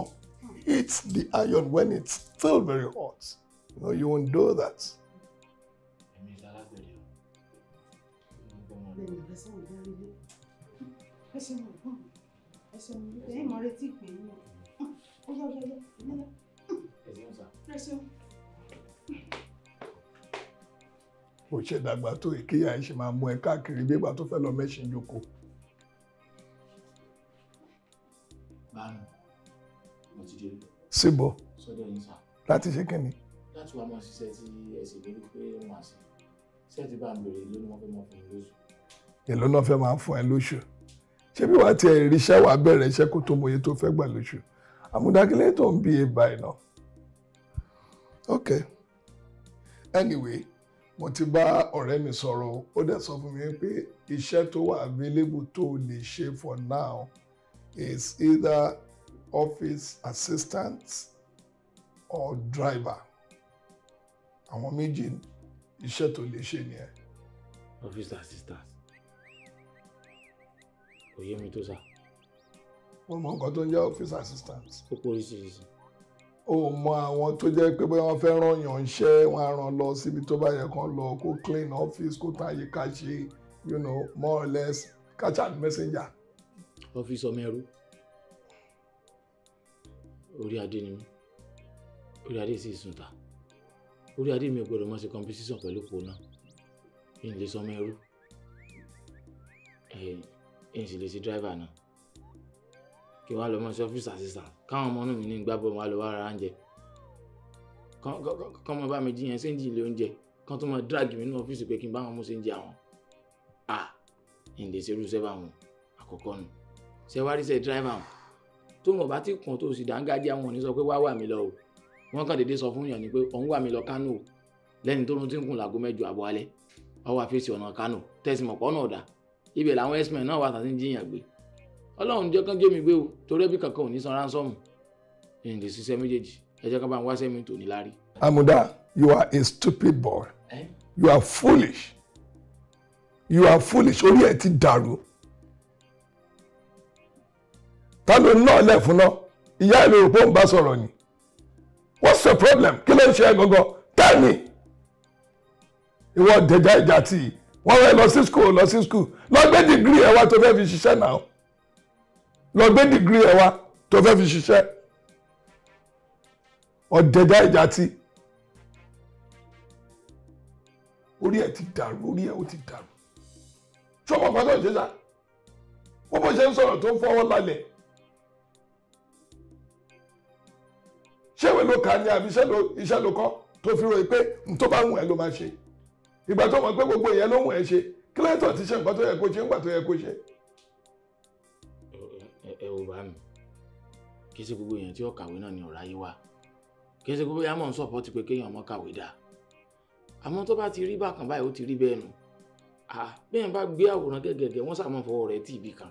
hit the iron when it's still very hot you know you won't do that. Thank you ẹsẹ̀ ṣe dàgbà tó ìkéyà ṣe máa mú ẹ káàkiri bí ìgbà tó fẹ́ lọ mẹ́ṣin jókòó. báàmù mo ti dé. síbò sọ́dọ̀ yín sà. láti ṣe kínni. láti wá máa ṣiṣẹ́ tí ẹsẹ̀ mi pé wọ́n á ṣe ṣẹ́ẹ̀tì bá ń bèrè lónìí wọ́n fẹ́ máa fún ẹ lóṣù. èló náà fẹ́ máa fún ẹ lóṣù ṣebí wàá tiẹ̀ ríṣẹ́ wàá bẹ̀rẹ̀ iṣẹ́ kó tó mọye tó fẹ́ gbà lóṣù àmúdákílẹ̀ tó ń bí e báyìí náà. ok anyway mo ti bá ọ̀rẹ́ mi sọ̀rọ̀ ó dẹ̀ sọ fún mi pé iṣẹ́ tó wà available tó lè ṣe for now is either office assistant or driver àwọn méjì iṣẹ́ tó lè ṣe nìyẹn. office assistant kò yé mi tó sà. ó mọ nǹkan tó ń jẹ́ office assistant. ó pọ̀ oríṣiríṣi. ó mọ àwọn tó jẹ́ pé bóyá wọ́n fẹ́ ràn yàn iṣẹ́ wọ́n á ràn lọ síbi tó bá yẹ kán lọ kó clean office kó tán àyíká ṣe you know more or less catch and messenger. ọ́fíìsì ọmọ ẹrú orí adé ni mí orí adé sì sùn ta orí adé mi ò gbọdọ̀ máa ṣe competition pẹ̀lú kò náà kí n lè sọmọ ẹrú n sì lè ṣe driver náà kí wàá lọ mọ sí ọ́fíìsì assistant káwọn ọmọ inú mi ní gbábọ́ wọn á lọ wá ara oúnjẹ kọ́ mọ bá mi jí yẹn séǹjì ilé oúnjẹ kọ́ tó mọ drag mi ní ọ́fíìsì pé kí n bá wọn mú séǹjì àwọn à n lè ṣe irúṣẹ́ bá wọn àkọ́kọ́ nu ṣe wá rí driver wọn tó mọ̀ bá ti kàn tó sì dáńgájíá wọn ò ní sọ pé wá wà mí lọ o wọ́n kàn déédéé sọ fún yàn ni pé òun wà mí lọ Kánò lẹ́ni tó rún tí ń kùn láago mẹ́jọ àbọ̀ alẹ́ ọwọ́ àfẹ́sì ọ̀nà Kánò tẹ̀sí mọ̀pọ̀ náà dáa ibẹ̀ làwọn x náà wà tàbí jiyàn gbé ọlọ́run jẹ́ kán jémi gbé o torí ẹbí kankan ò ní san ransom in the ṣiṣẹ́ méjèèjì ẹ jẹ́ bá ń wá sẹ́mi tòní lárí. Amuda you are a stupid boy eh? you are foolish you are foolish orí ẹ ti dàrú ta ló ná ọ lẹ́fun náà ìyá ìlú òpó ń bá sọ̀rọ̀ ni what's the problem kí ló ń ṣe ẹ gangan tell me ìwọ dẹjà ìjà tí wọn wẹ lọ sí school lọ sí school lọ gbé dìgírì ẹ wá tó fẹ́ fi ṣiṣẹ́ náà lọ gbé dìgírì ẹ wá tó fẹ́ fi ṣiṣẹ́ ọ̀dẹ̀dá ìjà tí orí ẹ̀ ti dàrú orí ẹ̀ ó ti dàrú ṣọ́mọ̀ pátá ìṣẹ́jà wọ́n bó ṣe ń sọ̀rọ̀ tó ń fọwọ́ lálẹ́ ṣéwèé ló kà á ní àbí iṣẹ́ ló kọ́ tó fi ròyìn pé n tó bá wù ẹ́ ló máa ṣe ìgbà tó mọ̀ pé gbogbo ìyẹn ló wù ẹ́ ṣe kílẹ̀tọ̀ ti ṣe nǹkan tó yẹ kó ṣe ńgbà tó yẹ kó ṣe. ẹ ò bá mi kí ṣe gbogbo èèyàn tí ó kàwé náà ni ọ̀rọ̀ ayé wa kí ṣe gbogbo yàmọ̀ ń sọ̀pọ̀ ti pé kéèyàn ọmọ kàwé dáa àmọ́ tó bá ti rí bákan báyìí ó ti rí bẹ́ẹ̀ nu bẹ́ẹ̀ bá gbé àwòrán gẹ́gẹ́gẹ́ wọ́n sàmọ́ fọwọ́ rẹ̀ tì ibì kan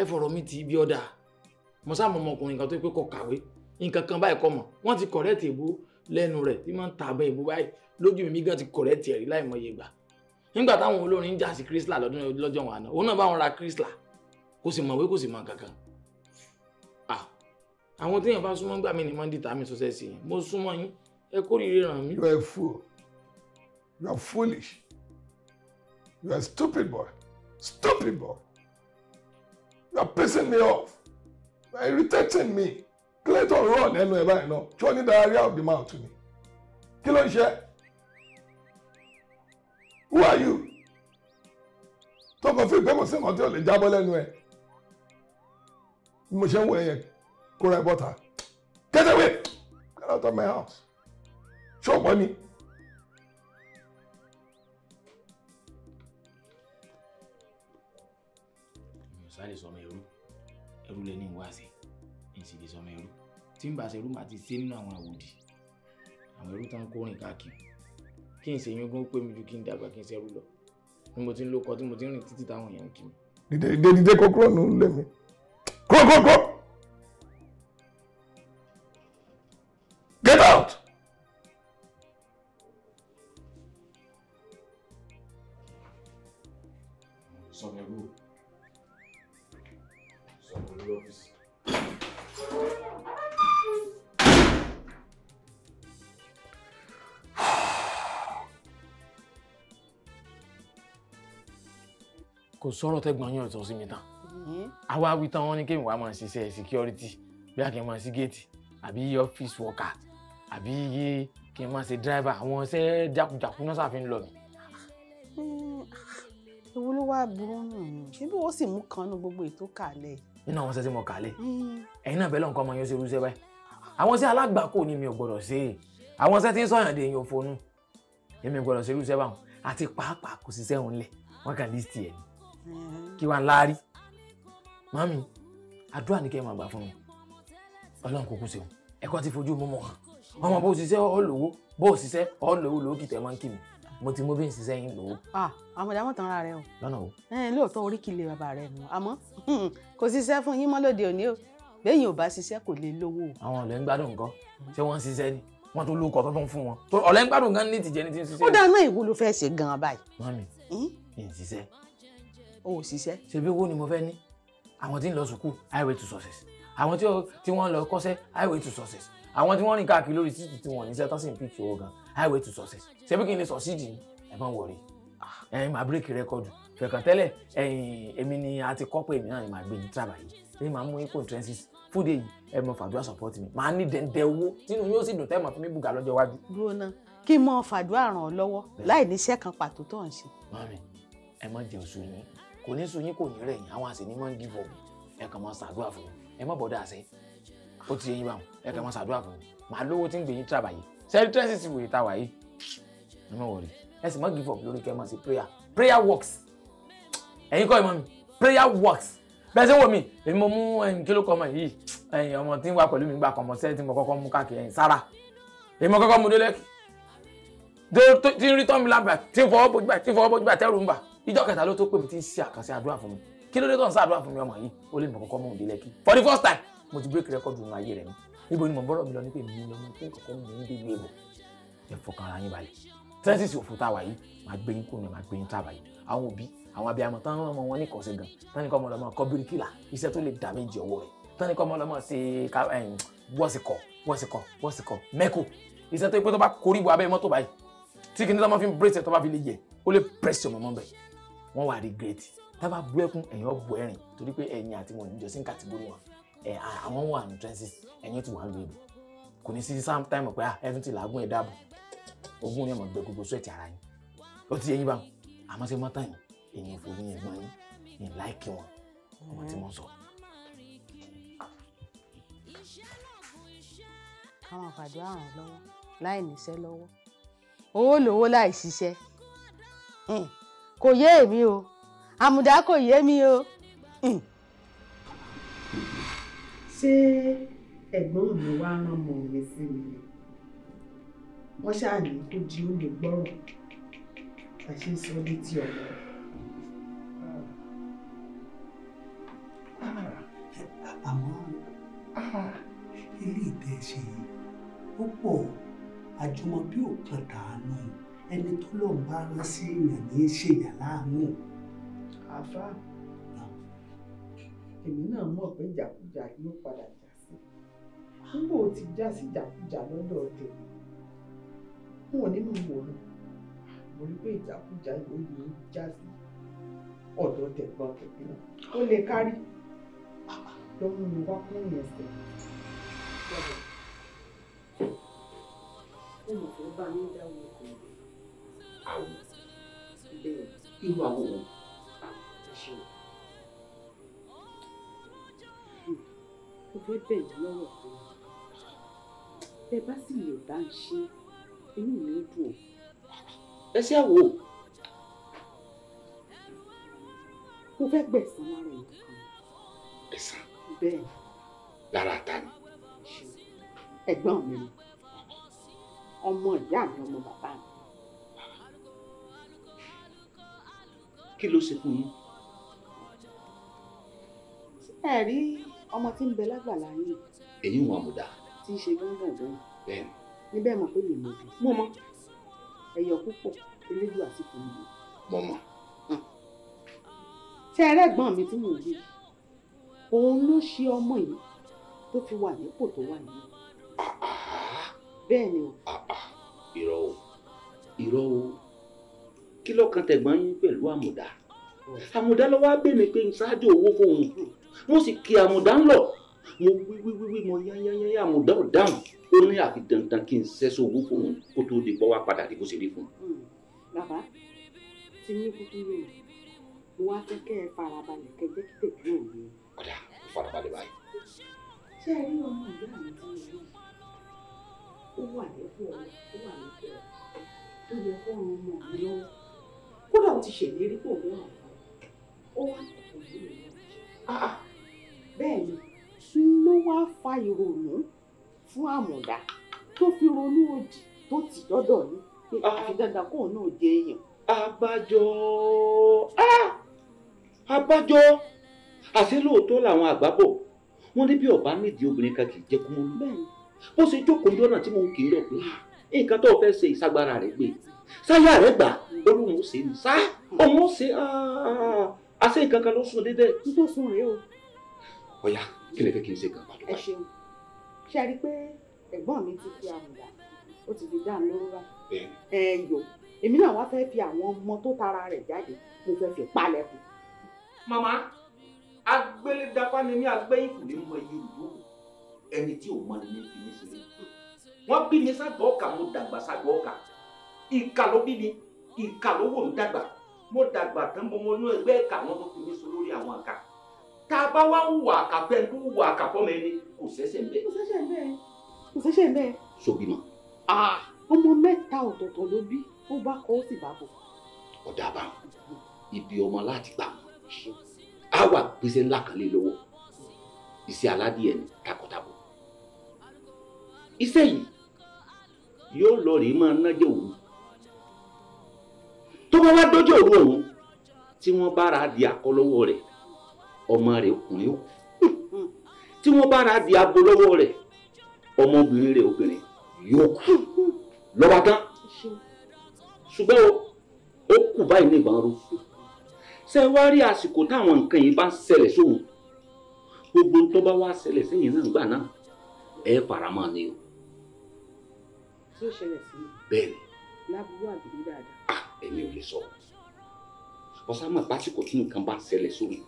ẹ fọ̀rọ̀ mi tì í bí ọ̀dà mo sàmọ́ ọmọkùnrin kan tó pé kò kàwé nǹkan kan báyìí kọ́ mọ̀ wọ́n ti kọ̀rẹ́ẹ̀tì èbó lẹ́nu rẹ̀ tí máa ń ta abẹ́ èbó báyìí lójú mi gan ti kọ̀rẹ́ẹ̀tì ẹ̀rí láìmọye gbà nígbà táwọn olórin jà sí Chrysler lọ́dún lọ́jọ́ wọn àná òun náà bá ra Chrysler kò sì mọ̀wé kò sì mọ̀ kankan àwọn téèyàn bá súnmọ́ gbà mí ni monday tàmí sọ́sẹ́ sí yẹn mo súnmọ́ yín ẹ kórìíre ràn mí. you are a fool you are foolish you are stupid boy stupid boy you are pissing me off you are irritating me clayton run ẹnu ẹ báyìí náà tí ó ní diarrhea of the mouth ni kí ló ń ṣe who are you tó kàn fi ìpẹ́kọ̀ sí nǹkan tí ò lè jábọ́ lẹ́nu ẹ̀ mo ṣe ń wọ ẹyẹ kó bọ́ta get away get out of my house ṣé o gbọ́ ni. sáré sọmọ ẹrú ẹrú lẹ ní ìwáṣẹ ìsìlè sọmọ ẹrú tí ń bá ṣe ẹrú màá ti ṣe nínú àwọn àwòdì àwọn ẹrú tó ń kórìn káàkiri kí n ṣèyún gún pé mi ju kí n dàgbà kí n ṣẹrú lọ ni mo ti ń lókọ tí mo ti ń rìn títí táwọn èèyàn kì mí. dìde dìde kó kúrò nù lẹ́mí kúrò kúrò kúrò. kò sọ̀rọ̀ tẹ́gbọ̀n yín ọ̀tọ̀ sí mi tán àwa wí tán wọn ní kéwìn wàá máa ṣiṣẹ́ security bí a kì í máa ṣí géètì àbí ọ́fíìsì wọ̀kà àbí kí n máa ṣe driver àwọn ṣẹ́ jákujàku náà ṣàfihàn lọ mi. ewu ló wá burú nù ní ṣébí wọ́n sì mú kan nínú gbogbo ètò kàlẹ̀. nínú àwọn sẹ́sẹ́ mọ̀ kàlẹ̀ ẹ̀yin náà bẹ́ẹ̀ lọ́nkọ́ ọmọ yẹn ṣe irúṣẹ́ báyìí àwọn ṣẹ́ alágbàkó ni mi ò gbọ́dọ̀ ṣe é àwọn ṣẹ́ tí ń sọ̀yàn dé èèyàn fonu èmi ò gbọ́dọ̀ ṣe irúṣẹ́ báwọn àti pàápàá kò sì sẹ́hùn lẹ̀ wọ́n kàn lísìtì ẹ̀ ni kí wàá láárí mami àdúrà ní kẹ́ ẹ máa gbà fún mi ọlọ́run kò kú sí òun ẹ̀kọ́ ti fojú mú mọ́ hàn ọmọ bó ṣiṣẹ́ ọ lówó bó ṣiṣẹ́ ọ lówó lówó kìtẹ́ máa ń kì mí mo ti mú bí n ṣiṣẹ́ yín lówó. àwọn ìdámọ̀ tán ara rẹ o. lọ́nà o. lóòótọ́ orí kìí lè bàbá rẹ nù àmọ́ hmm, kò ṣiṣẹ́ fún yín mọ́ lóde òní o lẹ́yìn ò bá ṣiṣẹ́ kò lè lówó. àwọn ọ̀lẹ́ ń gbádùn nǹkan ṣé wọ́n ń ṣiṣẹ́ ni wọ́n tó lóko tó tún fún wọn ọ̀lẹ́ ń gbádùn gan ní tìjẹ́ni tí ń ṣiṣẹ́. ó dáná ìwúlò fẹ́ ṣe gan-an báyìí. mami n hmm? ṣiṣẹ́ o ò ṣiṣẹ́. ṣebí owó ni mo fẹ́ ní àwọn tí ń lọ sùkúù highway to success àwọn tí wọ́n lọ kọ́ṣẹ́ highway to success àwọn tí wọ́n rìn káàkiri lórí títì tí wọ́n ní sẹ́tọ́ sì ń owó gan highway to success ṣebí kí n lè sọ̀sídìí ẹ má wọ̀rí ẹ̀yin máa bírèkì rẹ́kọ̀dù fẹ̀kàn tẹ́lẹ̀ ẹ̀yin èmi ni a ti kọ́ pé èmi náà ni màá gbé ní tírábà yìí èmi máa mú ipò trenches fúde yìí ẹ mọ fàdúrà support mi màá ní dẹ̀ndẹ̀ owó tínú yóò sì dùn tẹ́mọ̀ fún mi bùgà lọ́jọ́ iwájú. dúró náà kí n mọ fàdúrà ràn ọ́ lọ́wọ́ láì níṣẹ́ kan pàtó tó ń ṣe. mọ́mi ẹ má jẹ oṣù yín kò ní sun yín kò ní rẹ̀ yín àwọn àṣẹ ni máa ń give up ẹ kàn máa ṣàdúrà fún mi ẹ má bọ̀dọ̀ àṣẹ ó ti yẹn yín báwọn ẹ kàn máa ṣàdúrà fún mi màá lówó tí ń gbé yín tíra báyìí sẹ́rí tẹ́sí ti wòye ta wà yìí ẹ má wọ̀rì ẹ sì má give up lórí kẹ́ ẹ máa ṣe prayer prayer works ẹ̀yin kọ́ ẹ̀ mọ́ mi prayer works bẹ́ẹ̀ sẹ́ wò mí èmi mo mú kíló kọ́ ọmọ yìí ẹ̀yìn ọmọ tí ń wà pẹ̀lú mi gbà kọ́ ọmọ sẹ́ẹ̀ tí mo kọ́kọ́ mú káàkiri ẹ̀yìn sára èmi mo kọ́kọ́ mú délẹ́kì tí ń rí tọ́mi lábàá tí ń fọwọ́ bójú bá tí ń fọwọ́ bójú bá tẹ́rù ń bà ìjọ kẹta ló tó pè mí tí ń ṣe àkànṣe àdúrà fún mi kí ló dé tó ń ṣàdúrà fún mi ọmọ yìí ó lè mọ̀ kọ́kọ́ mọ̀ òde lẹ́kì for the first time mo ti break record nínú ayé rẹ̀ mi níbo ni mo bọ́rọ̀ mi lọ ní pé mi lọ́mọ pé kọ̀kọ́ mi ń dé ìlú èbò ẹ fọkàn ara yín balẹ̀ tẹ́sí sí òfúta wà yìí máa gbé yín kúrò ní máa gbé yín tábà yìí àwọn òbí àwọn abiyamọ tán rán ọmọ wọn ní kọ̀ọ̀sẹ̀ gan tán ní kọ́ ọmọ lọ́mọ kọ́ bíríkìlà iṣẹ́ tó lè dàmẹ́jì ọwọ́ rẹ̀ tán ní kọ́ ọmọ lọ́mọ wọ́n wà regret tábà bú ẹkún ẹ̀yin ọ̀bù ẹ̀rìn torí pé ẹ̀yin àti wọn níjọ sí kàtígórì wọn ẹ̀ àwọn wà ní trenches ẹ̀yin ti wà ń lo ìbò kò ní sí sam time pé ah everything làágùn ẹ̀ dáàbò ogún ni ẹ̀ mọ̀ gbẹ gbogbo sweat ara yín ó ti yẹ yín báwọn àmọ́ ṣe mọ́tà yín èyàn fò yín ẹ̀gbọ́n yín yín láìkí wọn ọmọ tí wọ́n sọ. àwọn àpàdé àrùn lọ́wọ́ láì níṣẹ́ lọ́wọ́ owó lówó láì ṣiṣẹ́. Hmm kò yé èmi o àmùdá kò yé mi o. Hmm. ṣé ẹ̀gbọ́n mi wá rán mọ̀ mi sí mi ni wọ́n ṣáà ní kó di oúnjẹ gbọ́rọ̀ àṣẹ sọ létí ọ̀rọ̀. àmọ́ ilé ìtẹ̀sí ó pọ̀ àjùmọ̀ bí ò kan ẹni tó lọ ń bá rán sí èèyàn ní í ṣèyàn láàánú. àfa èmi náà mọ̀ pé jàkújà ló padà já sí nígbà ó ti já sí jàkújà lọ́dọ̀ tèmi fún òní mi wò ó mo rí pé ìjàkújà yóò ní já sí ọ̀dọ̀ tẹ̀gbọ́n tẹ̀gbẹ́ náà ó lè kárí ló mi wá fún ìyẹn sẹ́yìn. ó mọ̀ pé àwo irú àwo wo ṣe o. mo fẹ́ bẹ̀ yín lọ́rọ̀ kan bẹ́ẹ̀ bá sì lè bá ń ṣe inú mi dùn. ẹ ṣe àwo mo fẹ́ gbẹ̀sán lára nǹkan. ẹ̀sán bẹ́ẹ̀ lára ta ni. ẹ̀gbọ́n mi ni ọmọ ìyá mi ọmọ bàbá mi. kí ló ṣe fún yín. ẹ rí ọmọ tí ń bẹ lágbàlá yìí. èyí wọn àmùdá. tí ń ṣe gángan gan. bẹ́ẹ̀ni. níbẹ̀ mọ̀ pé lèmi bí. mo mọ ẹ̀yọ̀ púpọ̀ elédùn àti kòmìnì. mo mọ. ṣé ẹ rẹ́gbọ́n mi tí mò ń bí òun ló ṣe ọmọ yìí tó fi wà nípò tó wà yìí. Ah, ah, ah. bẹ́ẹ̀ ni o. irọ́ o irọ́ o kí ló kan tẹ̀gbọ́n yín pẹ̀lú àmùdá hmm. àmùdá ló wá bèmí pé ṣáájú owó fóun mo sì kí àmùdá ń lọ mo wí wí wí mo yányányá àmùdá ò dáhùn ó ní àfi dandan kí n ṣẹ́ṣọ owó fóun kó tóó di pọ́ wá padà rí bó ṣe rí fún un. Hmm. bàbá ti ní kúkú yẹn mo wá fẹ́ kẹ́ ẹ farabalẹ̀ kẹ́ jẹ́ kí tètè náà ní. kódà mo farabalẹ̀ báyìí. ṣé ẹ rí ọmọ ìyá mi tí mo rí ó wà lẹ́kọ̀ọ́ ó wà lẹ́kọ̀ọ́ tó yẹ kó ọmọ mi lọ́wọ́ ọlọ́run ti ṣèlérí pò ní àwọn ó wá kò ní ìlú ah, ah. bẹ́ẹ̀ ni kí ló wáá fa ìrònú fún àmùdá tó fi ronú òdì tó ti dọ́dọ̀ ní pé ah. àfi dandan kóun náà jẹ èèyàn. àbájọ àbájọ àṣé lóòótọ́ làwọn àgbà bọ̀ wọ́n ní bí ọba nídìí obìnrin kan kì í jẹ́ kúmọ́lú bó ṣe jókòó ní tí mò ń kì í rọ̀ pé nǹkan tó fẹ́ ṣe ìsagbára rẹ̀ gbé sáyà rẹ gbà ó lóun ó ṣe é sá òun ó ṣe ah, àṣẹ nǹkan kan ló sùn dédé. n tó sùn rèé o. ọ̀ya kí lè fẹ́ kí n ṣe gan-an. ẹ ṣeun ṣe rí i pé ẹ̀gbọ́n mi ti fi àmùdá ó ti fi dáhùn lóró rà ẹ yò èmi náà wá fẹ́ fi àwọn ọmọ tó tara rẹ̀ jáde mo fẹ́ fi palẹ̀ kù. màmá agbélédapá ni mí agbẹ́yìn kò mọ iye ìlú ẹni tí ò mọ ni mi fi mí sílẹ̀ wọ́n bí mi ságọ́ ọ̀kà mo dàgbà ságọ́ ọ̀kà ìkà ló bí mi ìkà ló wò mí dàgbà mo dàgbà tán mo mọ inú ẹgbẹ́ ẹ̀ka wọn tó fi mí so lórí àwọn àga tá a bá wá wùwà àkàfẹ́ tó wùwà àkàfọ́ mi ni kò sẹ́sẹ̀ ń bẹ́ẹ̀. kò sẹ́sẹ̀ ń bẹ́ẹ̀ kò sẹ́sẹ̀ ń bẹ́ẹ̀. sobima. Ah! ọmọ mẹ́ta ọ̀tọ̀ọ̀tọ̀ ló bí ó bá kọ́ ó sì bá bọ̀. ọ̀dà bá ibi ọmọ láti gbà wọ́n á wà gbèsè ńlá kan lé lọ́wọ́ iṣẹ́ aládìẹ ni takọtabo iṣẹ́ yìí yóò lọ rèé máa nájẹ́ tó bá wá dójú òru òun tí wọ́n bá ra di àkọlọ́wọ́ rẹ̀ ọmọ rẹ̀ ọkùnrin ó kú hmm. tí wọ́n bá ra di abolọ́wọ́ rẹ̀ ọmọbìnrin rẹ̀ obìnrin yóò kú lọ́ba tán ṣùgbọ́n ó kù báyìí ní ìbọn ru ṣe wá rí àsìkò táwọn nǹkan yìí bá ń ṣẹlẹ̀ sóhun gbogbo tó bá wá ṣẹlẹ̀ sẹ́yìn náà gbà náà ẹ faramọ́ ni o. tí ó ṣẹlẹ̀ sí mi. bẹ́ẹ̀ ni. lábúrò àbí dáadáa. Ah, èmi ò lè sọ ọ̀sán mọ̀ pásíkò tí nǹkan bá ṣẹlẹ̀ sórí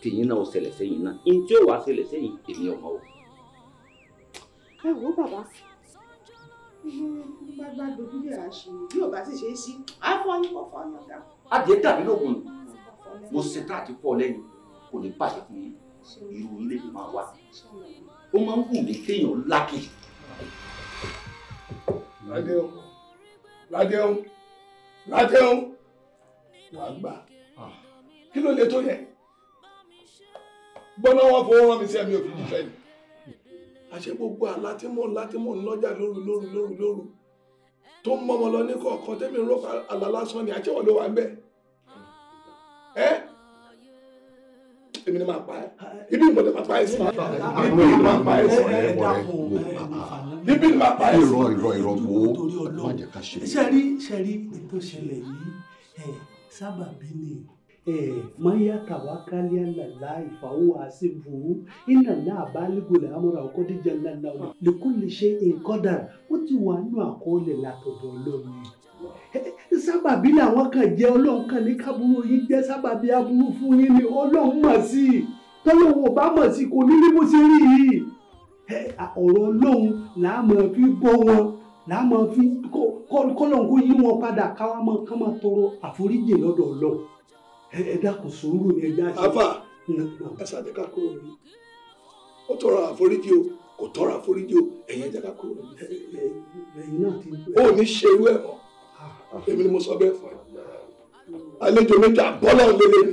tìyín náà ó ṣẹlẹ̀ sẹ́yìn náà ní tí ó wàá ṣẹlẹ̀ sẹ́yìn èmi ọmọ o. ẹ wo bàbá gbàgbà dojú lè ra ṣe bí ò bá sì ṣe é sí àfọyín fọfọyín ọgá. adìẹ dàbí lóògùn mo ṣe tá àti pọ lẹ́yìn kò ní bàjẹ́ fún yín irú ilé mi máa wá ó máa ń wù mí kéèyàn lákì. ládéhùn ládéhùn. látẹ̀hún wàá gbà ah. kí ló lè tó yẹ gbọ́nà wọn fowó rán mi sí ẹ̀mí òfin jíṣẹ́ yìí àṣẹ gbogbo àlátìmọ̀ látìmọ̀ ńlọ́jà lóru lóru lóru lóru tó ń mọ́mọ́ lọ ní kọ̀ọ̀kan tẹ́mi ń ni àṣẹ wọn ló wà ń bẹ̀ ẹ́ èmi ni màá pa ẹ́ ibi màá pa ẹ́ sí ibi màá níbi ni màá parí. irọ́ irọ́ irọ́ wo má jẹ́ ká ṣe. sẹ́rí sẹ́rí ètò ìṣẹ̀lẹ̀ yìí sábàbí ni mọ́yá tàwákálí àlàlá ìfàwọ́ àṣìbù ìnàlá àbálẹ́gbọ̀lẹ̀ amúra ọ̀kọ́díjà ńláńlá ọ̀nà lẹ́kùn lè ṣe ìkọ́dà ó ti wà nù àkọọ́lẹ̀ látọ̀dọ̀ ọlọ́run sábàbí làwọn kan jẹ́ ọlọ́run kan ní kábúrò yìí jẹ́ sábàbí aburú fún yín ni ọlọ́run mọ̀ sí i tọ́lọ́wọ́ bá mọ̀ sí i kò ní rí bó ṣe rí yìí ọ̀rọ̀ ọlọ́run là á mọ̀ fi bọ́ wọn là á mọ̀ fi kọ́lọ́n kó yí wọn padà káwá mọ̀ ká máa tọrọ àforíjì lọ́dọ̀ ọlọ́run ẹ dákun sùúrù ni ẹ já ṣe. àfà ẹ ṣáà ká kúrò níbí ó tọrọ àforíjì o kò tọrọ àforíjì o ẹ̀yin ẹ jẹ́ ká kúrò níbí. ó ní ṣe irú ẹ̀ mọ́ ah. èmi ni mo sọ bẹ́ẹ̀ fún ẹ àlejò méjì àbọ́lọ́ lélẹ́yìn.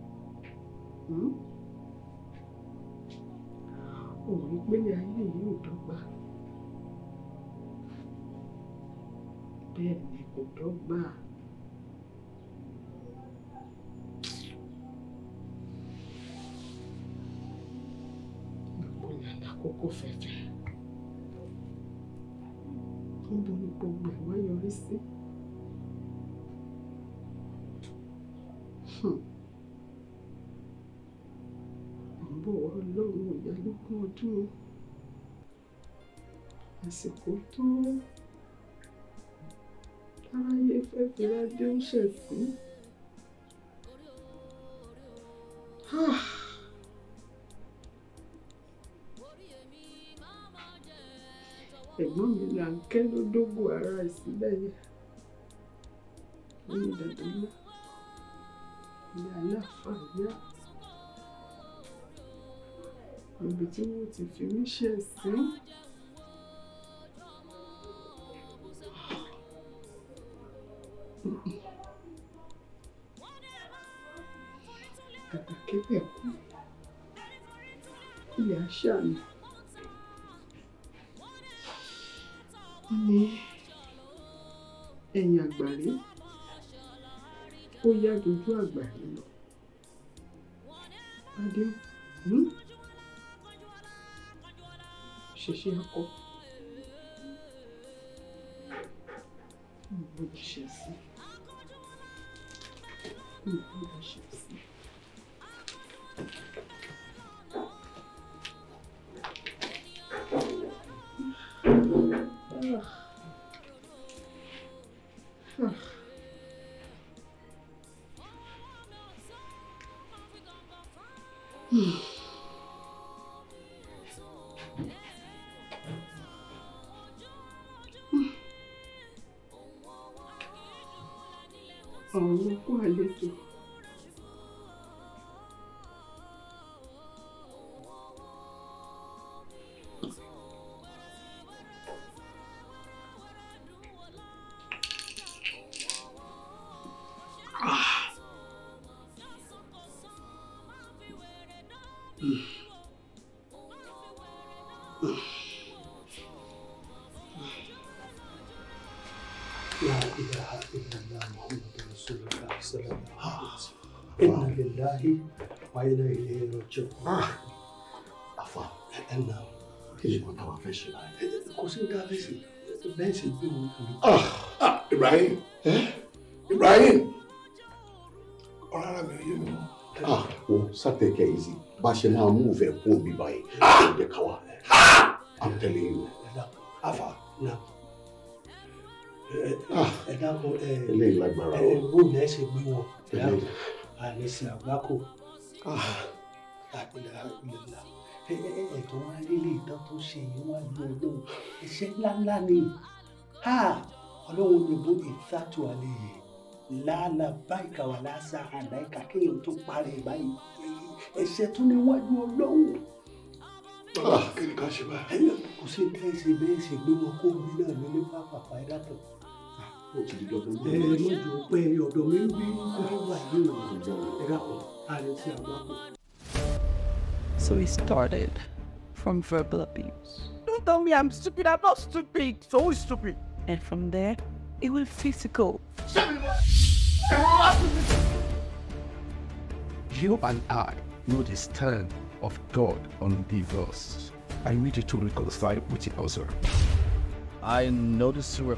òun hmm? ìpínlẹ̀ ayé yìí ò dọ́gba bẹ́ẹ̀ ni kò dọ́gba. kókó fẹ́fẹ́ níbo ni gbogbo ẹ̀ wá yọrí sí. Hmm bọ̀ wá ọlọ́run ìyá lógún ọdún àsìkò tó aráyé fẹ́ fi ládé ń ṣẹ̀sín. Ah. ẹ̀gbọ́n mi là ń kẹ́ ló ara ẹ̀ síbẹ̀ yẹn ní ìdàdúrà ilé aláfàá yá níbi tí wọ́n ti fi mí ṣe sí. Kàkà kébẹ̀ kú, ilẹ̀ àṣà mi. Ní ẹ̀yìn àgbàrí, ó yá dojú àgbàrí lọ. Adé, hmm? ṣèṣe akọ gbọ́dọ̀ ṣe sí gbọ́dọ̀ ṣe sí. lillahi wa inna ilayhi raji'un. àfà ah! ẹ nà kí ni kò táwa fẹ́ ṣe báyìí. kò sí nǹkan fẹ́ ṣe bẹ́ẹ̀ ṣe gbé wọn kàn. Ah! Ah! Ibrahim Ibrahim ọ̀rọ̀ ara mi ò yé mi mọ́. o sátẹ̀kẹ̀ yìí sí bá a ṣe máa mú ìfẹ́ kú òbí báyìí kò jẹ́ káwa I'm telling you. àfà náà ẹ dákun ẹ ẹ eléyìí lágbára o ẹ gbóhùn àníṣe àgbákò àpilẹ̀lá ẹ̀tọ́ wọn rí lè tán tó ṣe yìí wọn gbé ọlọ́run iṣẹ́ ńláńlá ni ọlọ́run òyìnbó ìtàtù àlẹ́ yìí láàlà báyìíkà wà láṣà àdáìkà kéèyàn tó parí báyìí ẹ̀ṣẹ̀ tó níwájú ọlọ́run. Ah. kí ni ká ṣe báyìí. kò sí tẹ́ ẹ ṣe bẹ́ẹ̀ ṣe gbé wọn kó omi náà lórí pápá pàápàá ẹ dákun. So he started from verbal abuse. Don't tell me I'm stupid. I'm not stupid. It's always stupid. And from there, it went physical. You and I know the stand of God on divorce. I need you to reconcile with the other. I noticed you were.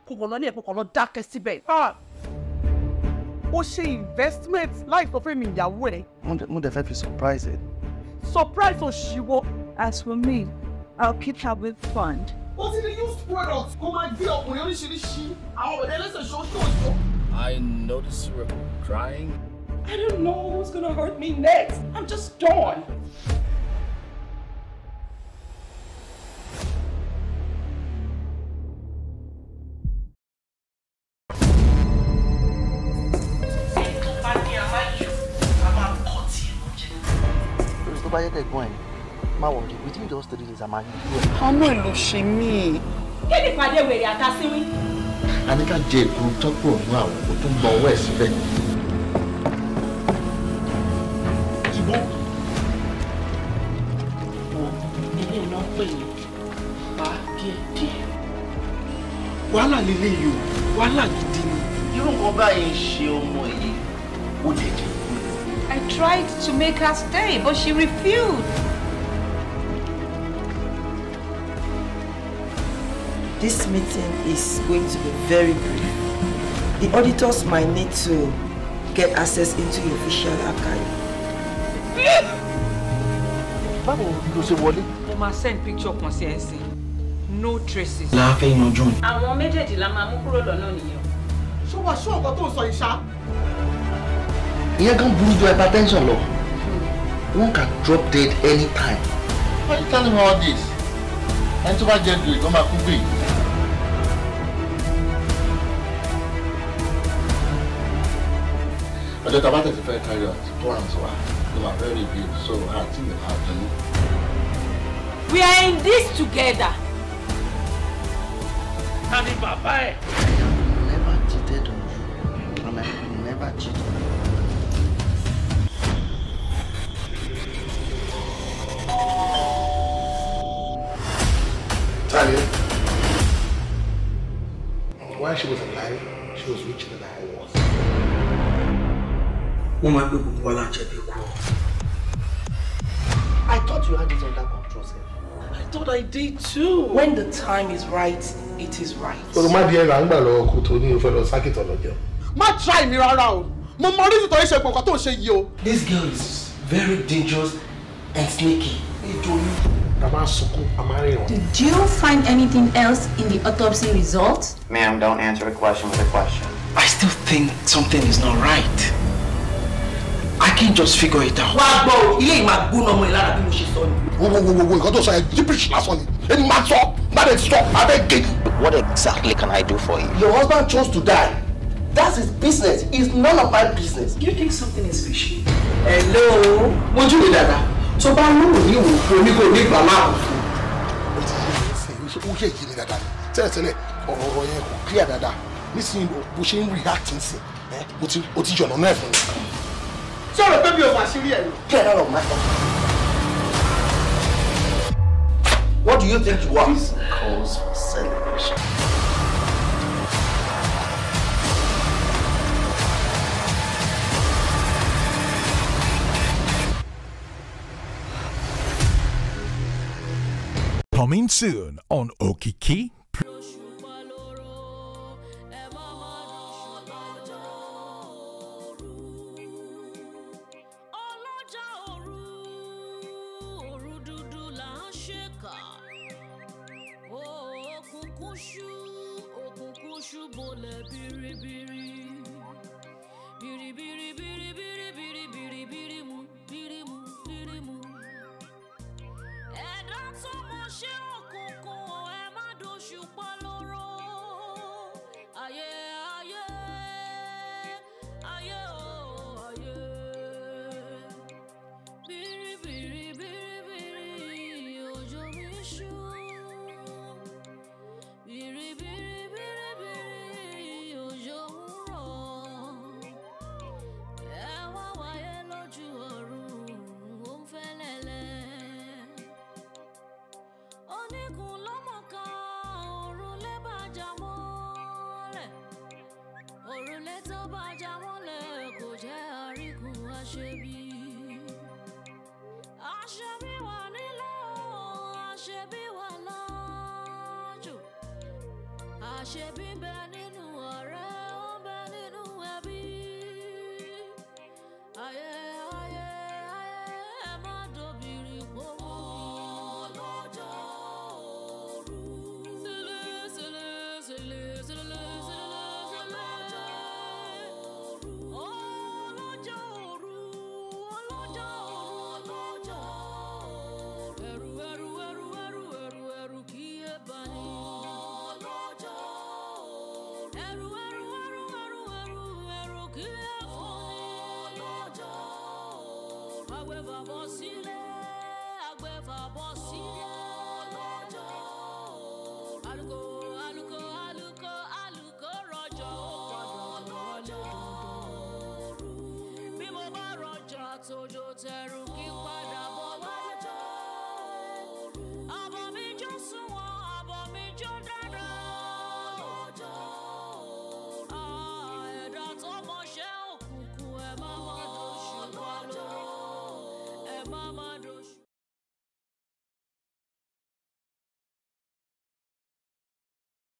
kó wọn lọ ilé ẹ̀kọ́ kan lọ dákẹ́ síbẹ̀. ó ṣe investment láì sọ fún mi ìyàwó rẹ̀. mo dẹ̀ fẹ́ fi surprise ẹ. surprise òṣìwọ́. as for me i'll keep her with fund. ó ti ní used products kó máa gbé ọkùnrin oríṣiríṣi àwọn ọ̀dẹ́ ẹlẹ́sẹ̀ ṣoṣooṣo. I noticed you were crying. I don't know who's gonna hurt me next. I'm just done. just three days àmà yìí dúró. ọmọ ẹ ló ṣe mí. kí ni ìpàdé wèrè àtàsíwí. a ní ká jẹ èkó tọ́pù ọ̀nù àwọn kò tún gba ọwọ́ ẹ̀ síbẹ̀. ṣùgbọ́n ilé iná pè ní pa díẹ̀díẹ̀. wàhálà lélẹ̀ yìí o wàhálà I tried to make her stay, but she refused. This meeting is going to be very brief. The auditors might need to get access into your official archive. Báwo ló ṣe wọlé? Mo máa send picture kan sí ẹ̀sìn. No traces. La fẹ́ yanjú ni. Àwọn méjèèjì la máa mú kúrò lọ́nà nìyẹn. Ṣé wàá ṣó nǹkan tó ń sọ yìí ṣá? Ìyẹn gan burú ju hypertension lọ. One can drop dead anytime. Why you telling me all this? Ẹni tó bá jẹ gbèrè ló máa kú gbèrè. ọjọ́ tá a bá tẹ̀sí fẹ́ carry out warrant wa ló máa fẹ́ review so àti lè máa bínú. we are in this together. ta ni bàbá ẹ̀. I have never cheated on you and I will never cheat on you. Tell you. while she was alive, she was rich than I was wọ́n máa gbé gbogbo wa lájẹ̀bi ikú ọ. I thought you had it under control, sir. I thought I did too. When the time is right, it is right. Olùmọ̀dé ẹ̀rọ àgbà lọ́wọ́ kó tó ní ìfẹ́ lọ sákìtì ọlọ́jọ́. Má try mi rárá o. Mo mọ orí ìtọ́ ìṣe pọ̀nkan tó ń ṣe yìí o. This girl is very dangerous and sneaky. Nítorí a sunkún, a Did you find anything else in the autopsy result? Ma'am, don't answer a question with a question. I still think something is not right can just figure it out. wàá gbọ́ o ilé ìmọ̀ àgbóná ọmọ ìlara bí mo ṣe sọ ni. wo wo wo wo nǹkan tó sọ yẹn gibberish lásán ni èmi máa sọ máa lè sọ abẹ́ gègé. what exactly can I do for you. your husband chose to die that's his business it's none of my business. you think something is fishy. hello mojú mi dada tó bá lóun ní òun fún oníkó nígbà márùn fún. ó ti yé mi fẹ́ ó yẹ yé mi dada tẹ́lẹ̀tẹ́lẹ̀ ọ̀rọ̀ yẹn kò clear dada nísìnyí bó ṣe ń react nsìn ó ti yọ̀nà náà fún mi. So the baby ò my sírí get out of my office. What do you think you are? This calls for celebration. Coming soon on Okiki.